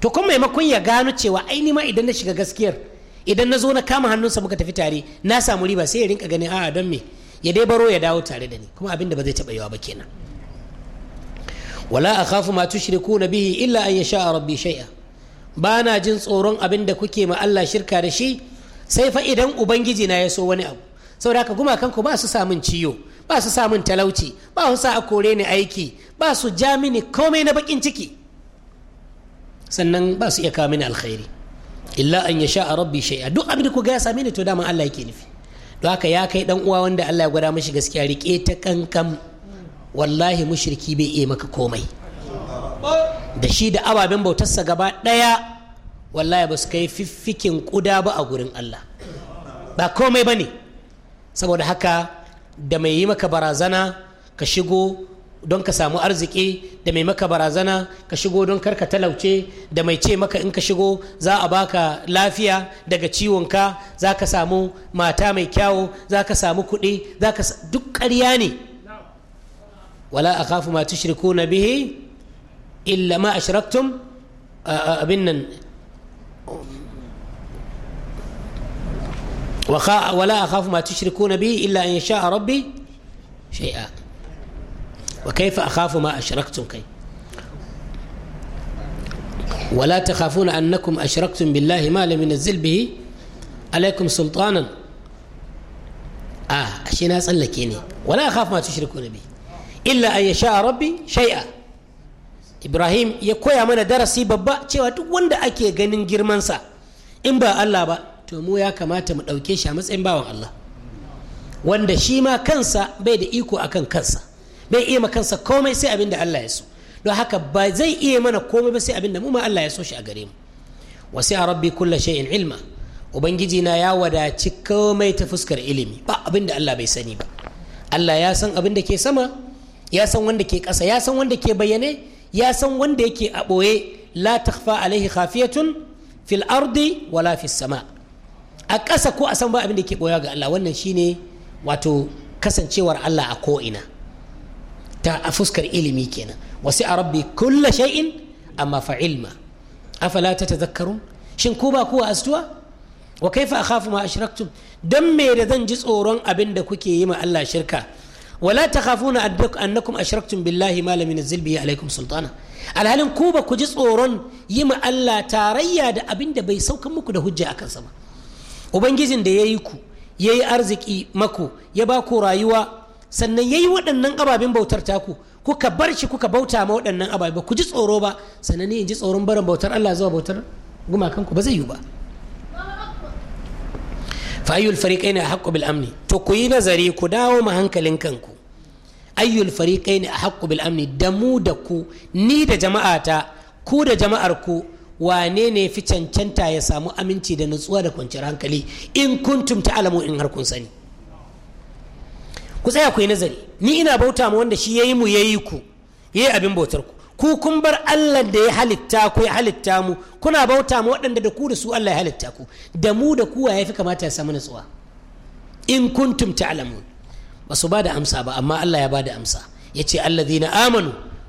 to kuma maimakon ya gano cewa ai ma idan na shiga gaskiyar idan na zo na kama hannunsa muka tafi tare na samu riba sai ya rinka ganin a'a don me ya dai baro ya dawo tare da ni kuma abin da ba zai taba yawa ba kenan wala akhafu ma na bihi illa an yasha rabbi shay'a bana jin tsoron abin da kuke ma Allah shirka da shi sai fa idan ubangiji na ya so wani abu saboda haka gumakan ku ba su samun ciyo ba su samun talauci ba su sa a kore ni aiki ba su ja mini komai na bakin ciki sannan ba su iya kawo mini alkhairi illa an yasha rabbi shay'a duk abin da ku ga ya same ni to dama Allah yake nufi don haka ya kai dan uwa wanda Allah ya gwada mashi gaskiya riƙe ta kankan wallahi mushriki bai iya maka komai da shi da ababen bautarsa gaba ɗaya wallahi ba su kai fiffikin ƙuda ba a gurin Allah ba komai ba ne saboda haka da mai yi maka barazana ka shigo don ka samu arziki da mai maka barazana ka shigo don kar ka talauce da mai ce maka in ka shigo za a baka lafiya daga ciwonka za ka samu mata mai kyawo za ka samu kuɗi za ka duk ƙarya ne ولا أخاف ما تشركون به إلا ما أشركتم آه، آه، بنا ولا أخاف ما تشركون به إلا أن يشاء ربي شيئا وكيف أخاف ما أشركتم كيف ولا تخافون أنكم أشركتم بالله ما لم ينزل به عليكم سلطانا آه أشي ناس لك يعني ولا أخاف ما تشركون به illa an yasha rabbi shai'a ibrahim ya koya mana darasi babba cewa duk wanda ake ganin girmansa in ba allah ba to mu ya kamata mu ɗauke shi a matsayin bawan allah wanda shi ma kansa bai da iko akan kansa bai iya ma kansa komai sai abin da allah ya so don haka ba zai iya mana komai ba sai abin da mu ma allah ya so shi a gare mu wasi a rabbi kulla shay'in ilma ubangiji na ya wadaci komai ta fuskar ilimi ba abin da allah bai sani ba allah ya san abin da ke sama ya san wanda ke ƙasa ya san wanda ke bayyane ya san wanda yake a ɓoye la takfa alaihi khafiyatun fil ardi wala fis sama a ƙasa ko a san ba abin da ke ɓoya ga Allah wannan shine wato kasancewar Allah a ko'ina ta a fuskar ilimi kenan wasu a rabbi kulla shay'in amma fa ilma afala ta tazakkarun shin ku ba kuwa astuwa wa kaifa akhafu ma ashraktum dan me da zan ji tsoron abin da kuke yi ma Allah shirka wala takhafuna annakum ashraktum billahi ma lam yunzil bihi alaikum sultana alhalin ku ba ku ji tsoron yi ma Allah tarayya da abin da bai saukan muku da hujja a kansa ba ubangijin da yayi ku yayi arziki mako ya ba ku rayuwa sannan yayi waɗannan ababen bautar taku kuka bar shi kuka bauta ma waɗannan ababe ku ji tsoro ba sannan ne ji tsoron barin bautar Allah zuwa bautar ku ba zai yi ba fa ayyul fariqaina haqqu bil amni to ku yi nazari ku dawo ma hankalin kanku ayyul ne a bil amni da mu da ku ni da jama'ata ku da jama'ar ku wane ne fi cancanta ya samu aminci da nutsuwa da kwanciyar hankali in kuntum alamu in har kun sani ku tsaya ku yi nazari ni ina bauta ma wanda shi ya yi mu ya yi ku Ya yi abin bautar ku ku kun bar Allah da ya halitta ku ya halitta mu kuna bauta ma waɗanda da ku da su Allah ya halitta ku da mu da ku ya fi kamata ya samu nutsuwa in kuntum alamu ba su ba da amsa ba amma Allah ya ba da amsa ya ce allazina amanu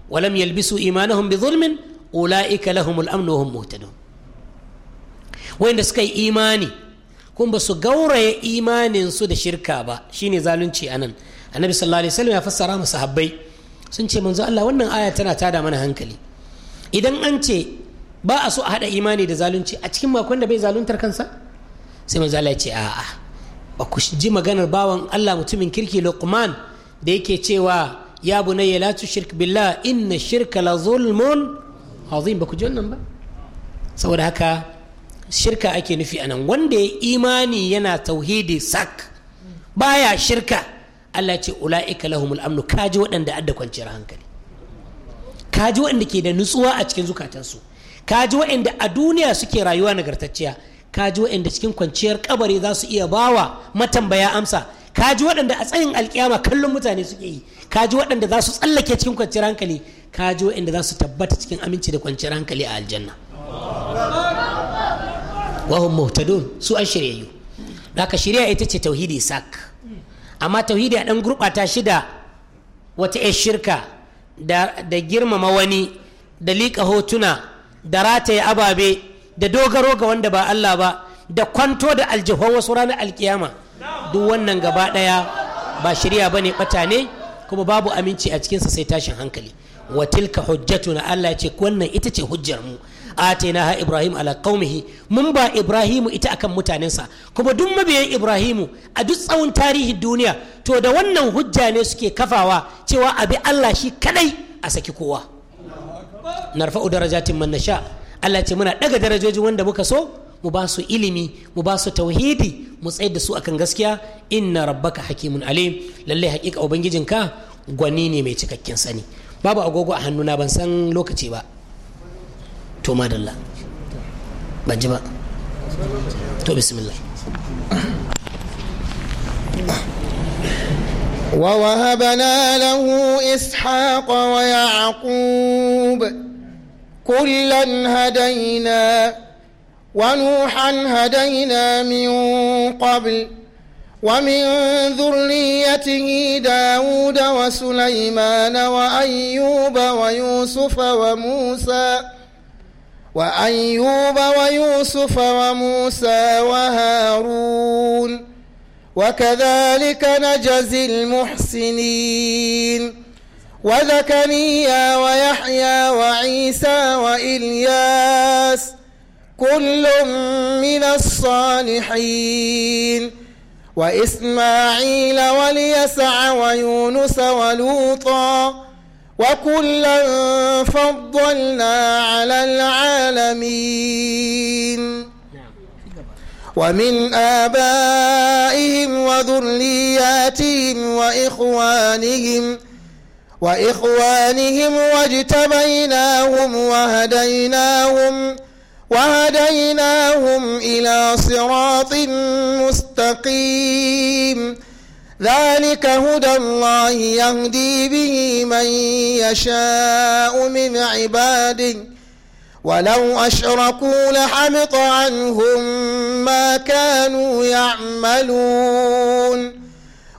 walam yalbisu imanahum bi zulmin ula'ika lahumul amnu wa hum muhtadun wanda suka yi imani kun ba su gauraya imanin su da shirka ba shine zalunci anan annabi sallallahu alaihi wasallam ya fassara musu sahabbai sun ce manzo Allah wannan aya tana tada mana hankali idan an ce ba a so a hada imani da zalunci a cikin makon da bai zaluntar kansa sai manzo Allah ya ce a'a ba ku ji maganar bawan Allah mutumin kirki Luqman da yake cewa ya bunayya la tushrik billah inna shirka la zulmun azim ba ku ji wannan ba saboda haka shirka ake nufi anan wanda ya imani yana tauhidi sak baya shirka Allah ce ula'ika lahumul amnu kaji waɗanda adda kwanciyar hankali kaji waɗanda ke da nutsuwa a cikin zukatansu kaji waɗanda a duniya suke rayuwa nagartacciya ka ji waɗanda cikin kwanciyar kabari za su iya bawa matambaya amsa ka ji waɗanda a tsayin alkiyama kallon mutane suke yi ka ji waɗanda za su tsallake cikin kwanciyar hankali ka ji waɗanda za su tabbata cikin aminci da kwanciyar hankali a aljanna wahun muhtadun su an shiryayyu haka shirya ita ce tauhidi sak amma tauhidi a ɗan gurɓata shida wata 'yar shirka da girmama wani da liƙa hotuna da rataye ababe da dogaro ga wanda ba Allah ba da kwanto da aljihwa wasu ranar alkiyama duk wannan gaba ɗaya ba shirya ba ne ne kuma babu aminci a cikinsa sai tashin hankali wa tilka na Allah ce wannan ita ce hujjar mu atayna ha ibrahim ala qaumihi mun ba ibrahimu ita akan mutanensa kuma duk mabiyan ibrahimu a duk tsawon tarihin duniya to da wannan hujja ne suke kafawa cewa abi Allah shi kadai a saki kowa narfa'u darajatin man nasha' Allah ce muna daga darajoji wanda muka so mu ba su ilimi mu ba su tauhidi mu tsayar da su akan gaskiya inna rabbaka hakimun alim lalle hakika ubangijinka gwani ne mai cikakken sani babu agogo a hannuna ban san lokaci ba to madalla ban ji ba to bismillah ووهبنا له إسحاق ويعقوب كلا هدينا ونوحا هدينا من قبل ومن ذريته داود وسليمان وأيوب ويوسف وموسى وأيوب ويوسف وموسى وهارون وكذلك نجزي المحسنين وزكريا ويحيى وعيسى وإلياس كل من الصالحين وإسماعيل وليسع ويونس ولوطا وكلا فضلنا على العالمين ومن آبائهم وذرياتهم وإخوانهم ۖ وإخوانهم واجتبيناهم وهديناهم وهديناهم إلى صراط مستقيم ذلك هدى الله يهدي به من يشاء من عباده ولو أشركوا لحبط عنهم ما كانوا يعملون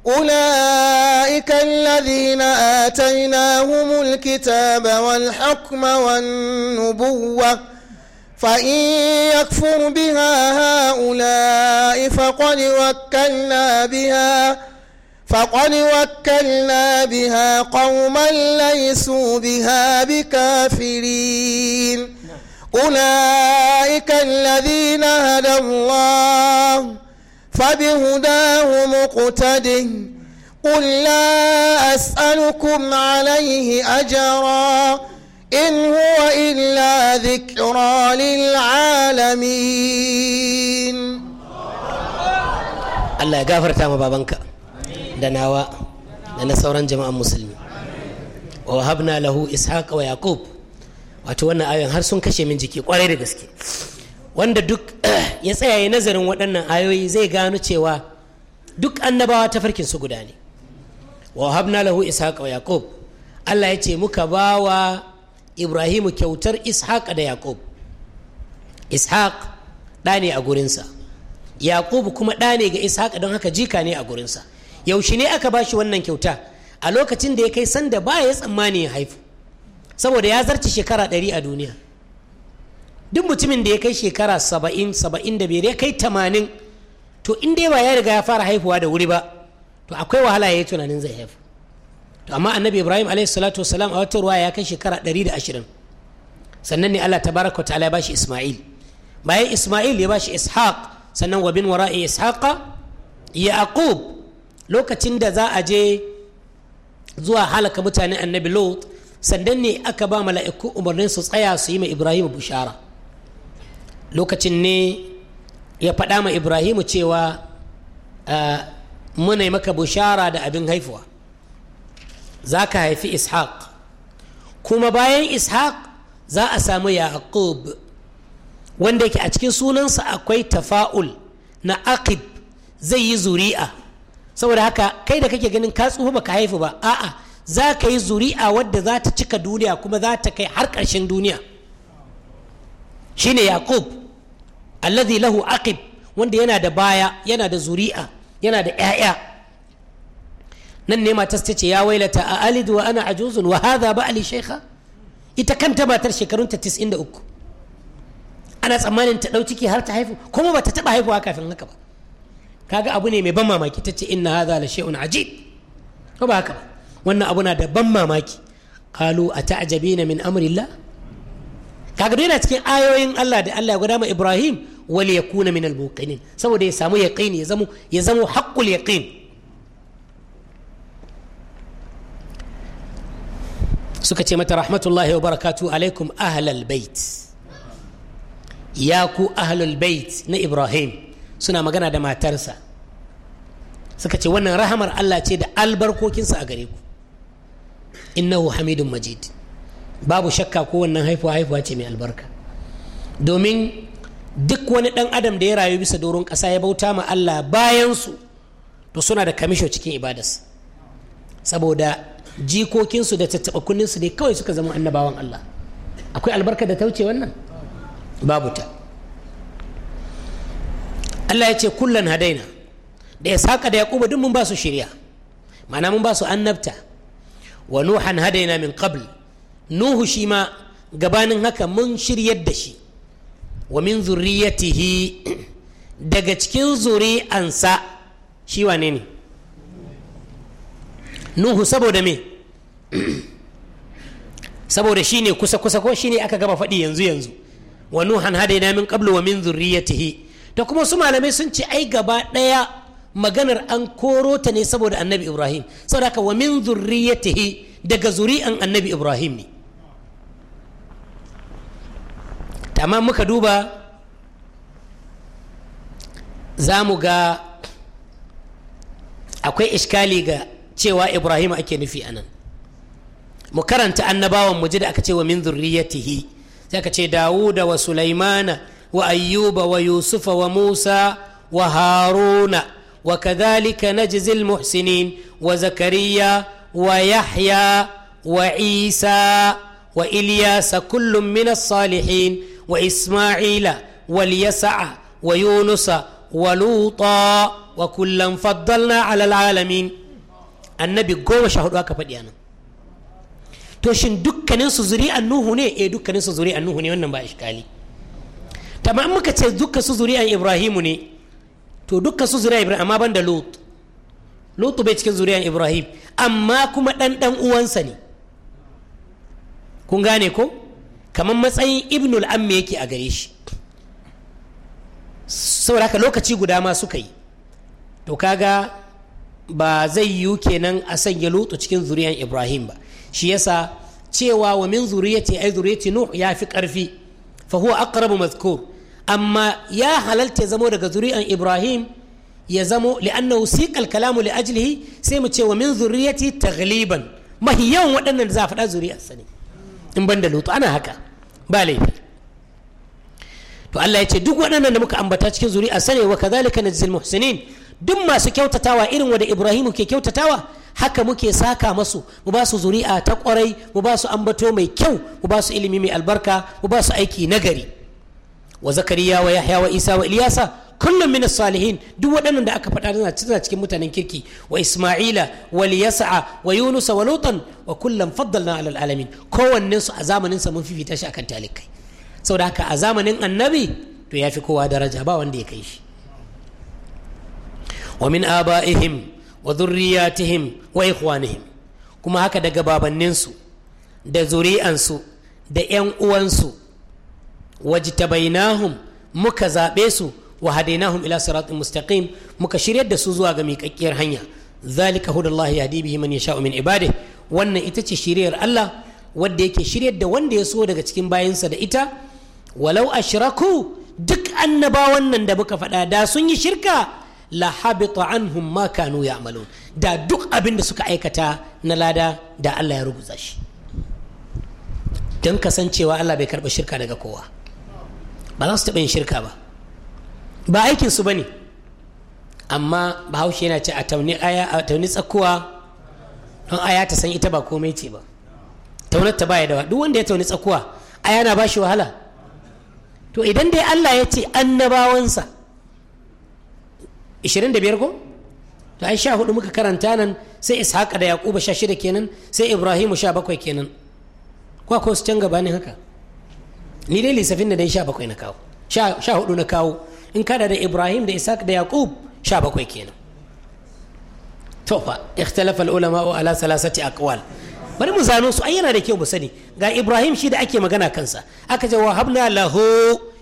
أولئك الذين آتيناهم الكتاب والحكم والنبوة فإن يكفر بها هؤلاء فقد وكلنا بها فقد وكلنا بها قوما ليسوا بها بكافرين أولئك الذين هدى الله فبهداه مقتده قل لا أسألكم عليه أجرا إن هو إلا ذكرى للعالمين Allah ya gafarta ma babanka da nawa da na sauran jama'an musulmi wa habna lahu ishaq wa yaqub wato wannan ayoyin har sun kashe min jiki kwarai da gaske wanda duk (clears throat) ya tsaya ya nazarin waɗannan ayoyi zai gano cewa duk annabawa ta farkin su guda ne wa habna lahu ishaqa wa yaqub Allah ya ce muka bawa Ibrahimu kyautar ishaqa da yaqub ishaq ɗa ne a gurinsa yaqub kuma ɗa ne ga ishaqa don haka jika ne a gurinsa yaushe ne aka bashi wannan kyauta a lokacin da ya kai sanda ba ya tsammani ya haifu saboda ya zarci shekara ɗari a duniya duk mutumin da ya kai shekara saba'in saba'in da biyar ya kai tamanin to in dai ba ya riga ya fara haihuwa da wuri ba to akwai wahala ya yi tunanin zai haifu to amma annabi ibrahim alayhi salatu wasalam a wata ruwa ya kai shekara ɗari da ashirin sannan ne allah tabaraka wa ta'ala ya bashi isma'il bayan isma'il ya bashi ishaq sannan wa bin wara'i ishaqa yaqub lokacin da za a je zuwa halaka mutanen annabi lot sannan ne aka ba mala'iku umarnin su tsaya su yi ma ibrahim bushara lokacin ne ya faɗa ma ibrahimu cewa ah, muna maka bushara da abin haifuwa za ka haifi ishaq kuma bayan ishaq za a samu yaqub wanda yake a cikin sunansa akwai tafa'ul na aqib zai yi zuri'a saboda haka kai da kake ganin ka tsufa baka haifu ba a'a za ka yi zuri'a wadda za ta cika duniya kuma za ta kai har ƙarshen duniya shine yaqub alladhi lahu aqib wanda yana da baya yana da zuri'a yana da ƴaƴa nan ne matar ta ce ya wailata a alidu wa ana ajuzun wa hadha ba ali shaykha ita kanta matar shekarun shekarunta 93 ana tsammanin ta ɗau ciki har ta haifu kuma ba ta taɓa haifuwa kafin haka ba kaga abu ne mai ban mamaki ta ce inna hadha la shay'un ajib ko ba haka ba wannan abu na da ban mamaki qalu ata'jabina min amrillah kaga yana cikin ayoyin Allah da Allah ya gwada ma Ibrahim wal yakuna min al saboda ya samu yaqin ya zamo ya zamo haqqul yaqin suka ce mata rahmatullahi wa barakatu alaikum ahlal bait ya ku ahlul bait na ibrahim suna magana da matarsa suka ce wannan rahamar allah ce da albarkokinsa a gare ku innahu hamidun majid babu shakka ko wannan haifuwa haifuwa ce mai albarka domin duk wani ɗan adam da ya rayu bisa doron ƙasa ya bauta ma Allah su to suna da kamisho cikin ibadas saboda jikokinsu da tattaɓa ne kawai suka zama annabawan Allah akwai albarka da ta wuce wannan babu ta Allah ya ce kullan hadaina da ya saka da yaquba duk mun ba su shirya ma'ana mun ba su annabta wa nuhan hadaina min qabl nuhu shi ma gabanin haka mun shiryar da shi wa min zuriyatihi daga cikin zuri'ansa shi wane ne nuhu saboda me saboda shi ne kusa-kusa ko shi ne aka gaba faɗi yanzu-yanzu wa nuhan hadaina min qablu wa min zuriyatihi to kuma su malamai sun ce ai gaba ɗaya maganar an koro ta ne saboda annabi ibrahim saboda haka wa min zuriyatihi daga zuri'an annabi ibrahim ne amma muka duba za mu ga akwai ishkali ga cewa ibrahim ake nufi a nan mu karanta annabawan mu ji da aka ce wa min zurriyatihi sai aka ce dawuda wa sulaimana wa ayyuba wa yusufa wa musa wa haruna wa kadhalika najzil muhsinin wa zakariya wa yahya wa isa wa ilyasa kullum min salihin wa isma'ila wal yasa'a wa yunusa wa luta wa kullan faddalna alal alamin annabi goma sha hudu aka faɗi anan to shin dukkanin su an nuhu ne eh dukkanin su an nuhu ne wannan ba iskali tamam muka ce dukkan su an ibrahimu ne to dukkan su an ibrahim amma banda lut lut bai cikin zuri an ibrahim amma kuma ɗanɗan uwansa ne kun gane ko kamar matsayin ibnul amma yake a gare shi saboda haka lokaci guda ma suka yi to kaga ba zai yiwu kenan a sanya lutu cikin zuriyan ibrahim ba shi yasa cewa wa min zuriyati ai zuriyati nuh ya fi karfi fa huwa aqrabu mazkur amma ya halalta zamo daga zuriyan ibrahim ya zamo li'annahu siqal kalamu li ajlihi sai mu ce wa min zuriyati taghliban mahiyan waɗannan da za a faɗa zuriyarsa sani. in ban da lutu ana haka ba laifi to Allah ya ce duk waɗannan da muka ambata cikin zuri'a sane wa kadhalika najzil muhsinin duk masu kyautatawa irin wanda Ibrahimu ke kyautatawa haka muke saka masu mu ba su zuri'a ta kwarai mu ba su ambato mai kyau mu ba su ilimi mai albarka mu ba su aiki nagari wa zakariya wa yahya wa isa wa ilyasa kullum min salihin duk waɗannan da aka faɗa suna cikin mutanen kirki wa isma'ila wa liyasa'a wa yunusa wa lutan wa kullum faddalna alal alamin kowannen su a zamanin sa mun fifita shi akan talikai saboda haka a zamanin annabi to ya fi kowa daraja ba wanda ya kai shi wa min aba'ihim wa dhurriyatihim wa ikhwanihim kuma haka daga babanninsu da zuri'ansu da 'yan uwansu wajtabainahum muka zaɓe su wa hadainahum ila siratin mustaqim muka shiryar da su zuwa ga miƙaƙƙiyar hanya zalika ya ya bihi man yasha'u min ibade wannan ita ce shiryar Allah wanda yake shiryar da wanda ya so daga cikin bayansa da ita walau ashraku duk annabawan nan da muka faɗa da sun yi shirka la habita anhum ma kanu ya'malun da duk abin da suka aikata na lada da Allah ya rubuta shi don kasancewa Allah bai karɓi shirka daga kowa ba za su taɓa yin shirka ba ba aikinsu ba ne amma bahaushe yana ce a tauni tsakuwa don aya ta san ita ba komai ce ba taunar ba ya da duk wanda ya tauni tsakuwa aya na ba shi wahala to idan dai allah ya ce annabawansa 25 ko to ai sha hudu muka karanta nan sai ishaqa da yaquba sha shida kenan sai ibrahimu sha bakwai kenan kwa ko su can gaba ne haka ni dai lissafin da dai sha bakwai na kawo sha hudu na kawo in kada da ibrahim da isaac da yaqub sha bakwai kenan to fa ikhtalafa al-ulama ala salasati aqwal bari mu zano su ai yana da kyau ba sani ga ibrahim shi da ake magana kansa aka ce wa habna lahu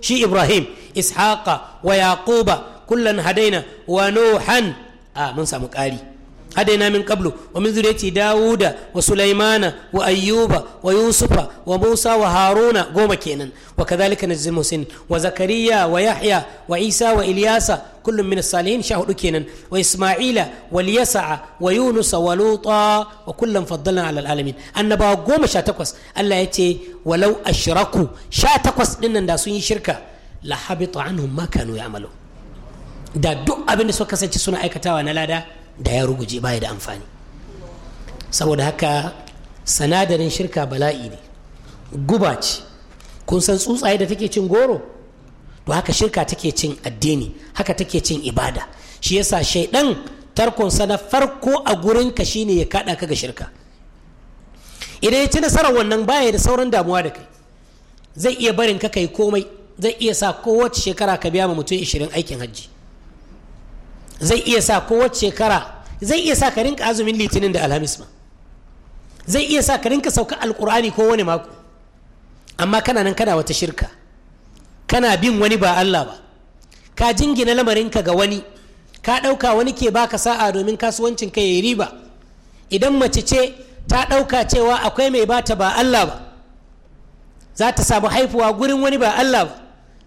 shi ibrahim ishaqa wa yaquba kullan hadaina wa nuhan a mun samu ƙari هدينا من قبل ومن ذرية داود وسليمان وأيوب ويوسف وموسى وهارون قوم كينا وكذلك نجزي المحسنين وزكريا ويحيى وعيسى وإلياس كل من الصالحين شاهدوا كينا وإسماعيل واليسع ويونس ولوطا وكلا فضلنا على العالمين النبا قوم شاتقوس الله يتي ولو أشركوا شاتقوس إن داسوين شركة لحبط عنهم ما كانوا يعملون da duk abin da suka kasance suna aikatawa na lada da ya ruguje baya da amfani saboda haka sanadarin shirka bala'i ne guba ce kun san tsuntsaye da take cin goro to haka shirka take cin addini haka take cin ibada shi yasa shaidan tarkon na farko a gurin gurinka shine ya kada ka ga shirka idan ya ci nasarar wannan baya da sauran damuwa da kai zai iya barin ka kai komai zai iya sa kowace shekara ka biya ma mutum 20 aikin hajji zai iya sa kowace shekara zai iya sa ka rinka azumin litinin da alhamis ma zai iya sa ka rinka sauka alkur'ani ko wani mako amma kana nan kana wata shirka kana bin wani ba Allah ba ka jingina lamarinka ga wani ka ɗauka wani ke baka sa'a domin kasuwancin ka ya riba idan mace ce ta ɗauka cewa akwai mai bata ba Allah ba za ta samu haifuwa gurin wani ba Allah ba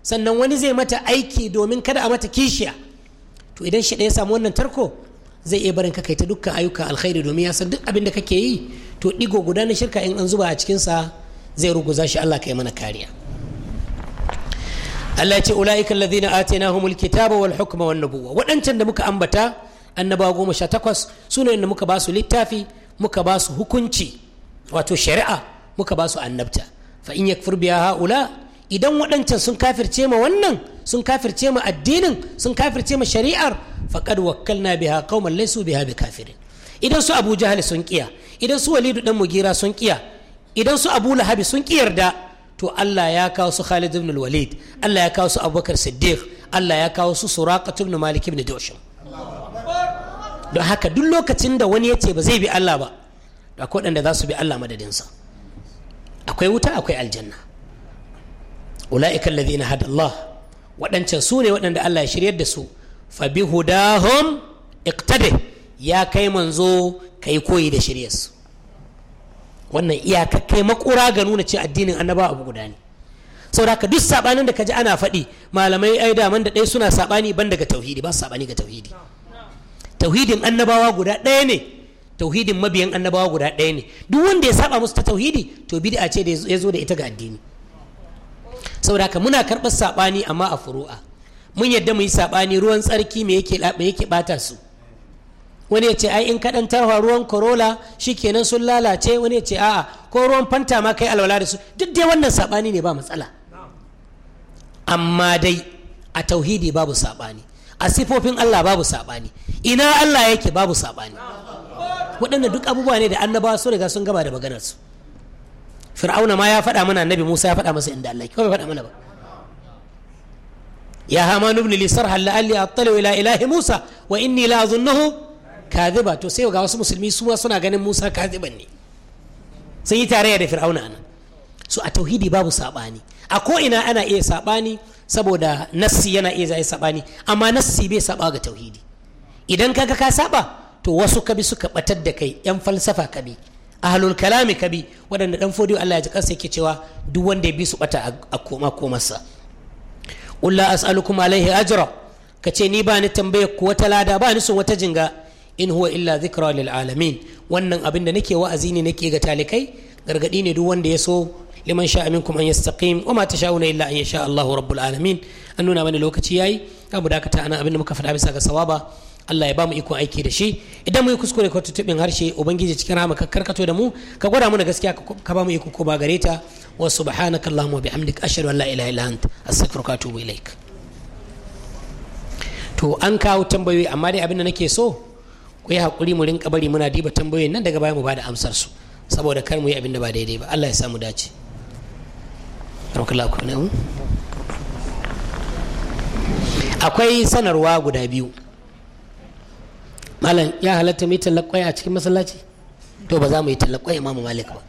sannan wani zai mata aiki domin kada a mata kishiya to idan shi ya samu wannan tarko zai iya barin ka kai ta dukkan ayyukan alkhairi domin ya san duk abin da kake yi to ɗigo guda na shirka in an zuba a cikinsa zai ruguza shi Allah ka yi mana kariya Allah ce ulaika na humul kitaba wal hukma wan nubuwa waɗancan da muka ambata annabawa goma sha takwas sunayen da muka ba su littafi muka ba su hukunci wato shari'a muka ba su annabta fa in yakfur biha haula idan waɗancan sun kafirce ma wannan sun kafirce mu addinin sun kafirce mu shari'ar faqad wakkalna biha qauman laysu biha bikafirin idan su Abu Jahal sun kiya idan su Walidu dan Mugira sun kiya idan su Abu Lahab sun kiyarda to Allah ya kawo su Khalid ibn Walid Allah ya kawo su Abubakar Siddiq Allah ya kawo su Suraqah ibn Malik ibn Dawsham don haka duk lokacin da wani ya ce ba zai bi Allah ba akwai waɗanda za su bi Allah madadinsa akwai wuta akwai aljanna ula'ika alladhina hada Allah waɗancan su ne waɗanda Allah ya shiryar da su fa bi hudahum iqtade ya kai manzo kai koyi da shiryar su wannan iyaka kai makura ga nuna ce addinin annaba abu guda ne saboda duk sabanin da kaji ana faɗi malamai ai daman da ɗaya suna sabani ban daga tauhidi ba sabani ga tauhidi tauhidin annabawa guda ɗaya ne tauhidin mabiyan annabawa guda ɗaya ne duk wanda ya saba musu ta tauhidi to bid'a ce da ya zo da ita ga addini saboda ka muna karɓar saɓani amma a furu'a mun yadda mu yi saɓani ruwan tsarki me yake yake ɓata su wani ya ce ai in kaɗan tarwa ruwan shi kenan sun lalace wani ya ce a'a ko ruwan fanta ma kai alwala da su duk dai wannan saɓani ne ba matsala amma dai a tauhidi babu saɓani a sifofin Allah babu saɓani ina Allah yake babu saɓani waɗannan duk abubuwa ne da annabawa su riga sun gaba da maganarsu fir'auna ma ya faɗa mana annabi musa ya faɗa masa inda allah ko bai faɗa mana ba ya hama nubni li la alli attali ila ilahi musa wa inni la azunnahu kadhiba to sai ga wasu musulmi su suna ganin musa kadhiban ne sun yi tarayya da fir'auna anan so a tauhidi babu sabani a ko ina ana iya sabani saboda nassi yana iya zai sabani amma nassi bai saba ga tauhidi idan kaga ka saba to wasu kabi suka batar da kai yan falsafa kabi ahlul kalami ka bi waɗanda dan fodiyo Allah ya ji kansa yake cewa duk wanda ya bi su bata a koma komarsa ulla as'alukum alaihi ajra ka ce ni ba ni tambayar ku wata lada ba ni wata jinga in huwa illa zikra lil alamin wannan abin da nake wa'azi ne nake ga talikai gargadi ne duk wanda ya so liman sha aminkum an yastaqim ta ma tashauna illa an sha Allahu rabbul alamin an nuna mani lokaci yayi abu dakata ana abin da muka faɗa bisa ga sawaba Allah ya ba mu ikon aiki da shi idan mu yi kuskure ko tutubin harshe ubangiji cikin rahama ka karkato da mu ka gwada mana gaskiya ka ba mu iko ko ba gare ta wa subhanaka allahumma bihamdika ashhadu an la ilaha illa anta astaghfiruka wa atubu ilaik to an kawo tambayoyi amma dai abin da nake so ku yi hakuri mu rinka bari muna diba tambayoyin nan daga baya mu bada amsar su saboda kar mu yi abin da ba daidai ba Allah ya samu dace akwai sanarwa guda biyu malam ya halatta mai talakwai a cikin masallaci to ba za mu yi talakwai imamu malik ba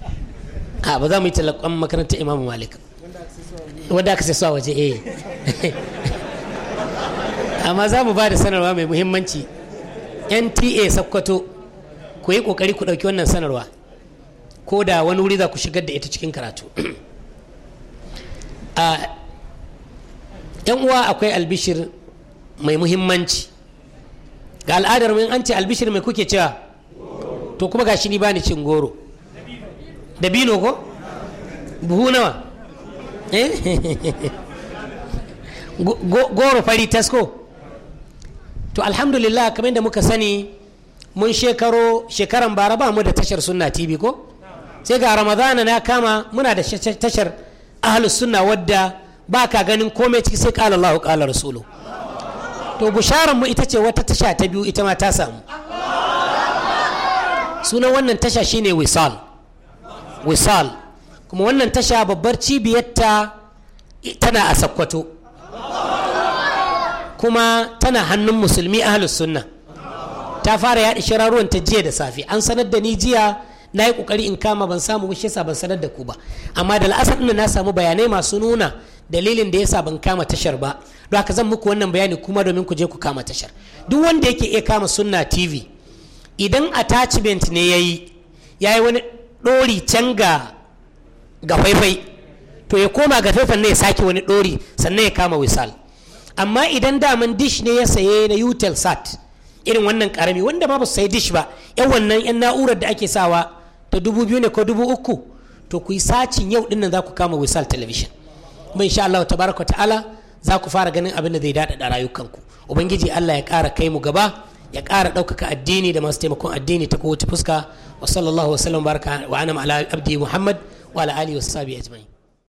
a ba za mu yi talakwan makarantar imamu malik wadda aka sai suwa waje eh (laughs) amma za mu ba da sanarwa mai muhimmanci nta sakkwato ku yi kokari ku ɗauki wannan sanarwa ko da wani wuri za ku shigar da ita cikin karatu (clears throat) a yan uwa akwai albishir mai muhimmanci ga al'adar mu in an ce albishir mai kuke cewa to kuma gashi ni bani cin goro dabino ko buhu nawa eh? (laughs) goro fari tasko to alhamdulillah kamar da muka sani mun shekaro shekaran bara ba mu da tashar sunna tv ko sai ga ramadana na kama muna da tashar ahalus sunna wadda ba ka ganin komai ciki sai kala Allahu kala rasulu to bisharar mu ita ce wata tasha ta biyu ita ma ta samu sunan wannan tasha shine wisal wisal kuma wannan tasha babbar cibiyarta tana a sakkwato kuma tana hannun musulmi ahlus sunna ta fara yaɗa shiraruwan ta jiya da safe an sanar da ni jiya na yi kokari in kama ban samu wuce yasa ban sanar da ku ba amma da la'asar ina na samu bayanai masu nuna dalilin da yasa ban kama tashar ba don haka zan muku wannan bayani kuma domin ku je ku kama tashar duk wanda yake iya kama sunna tv idan attachment ne yayi yayi wani dori can ga ga faifai to ya koma ga faifan ne ya sake wani ɗori sannan ya kama wisal amma idan daman dish ne ya saye na utel sat irin wannan karami wanda ba su sayi dish ba yan wannan yan na'urar da ake sawa ta dubu biyu ne ko dubu uku to ku yi sacin yau dinnan za ku kama wisal television kuma sha Allah tabaraka ta'ala za ku fara ganin abin da zai daɗaɗa rayukanku ubangiji Allah ya ƙara kai mu gaba ya ƙara ɗaukaka addini da masu taimakon addini ta kowace fuska wa sallallahu wa sallam baraka wa anam ala abdi muhammad wa ala alihi wa ajma'in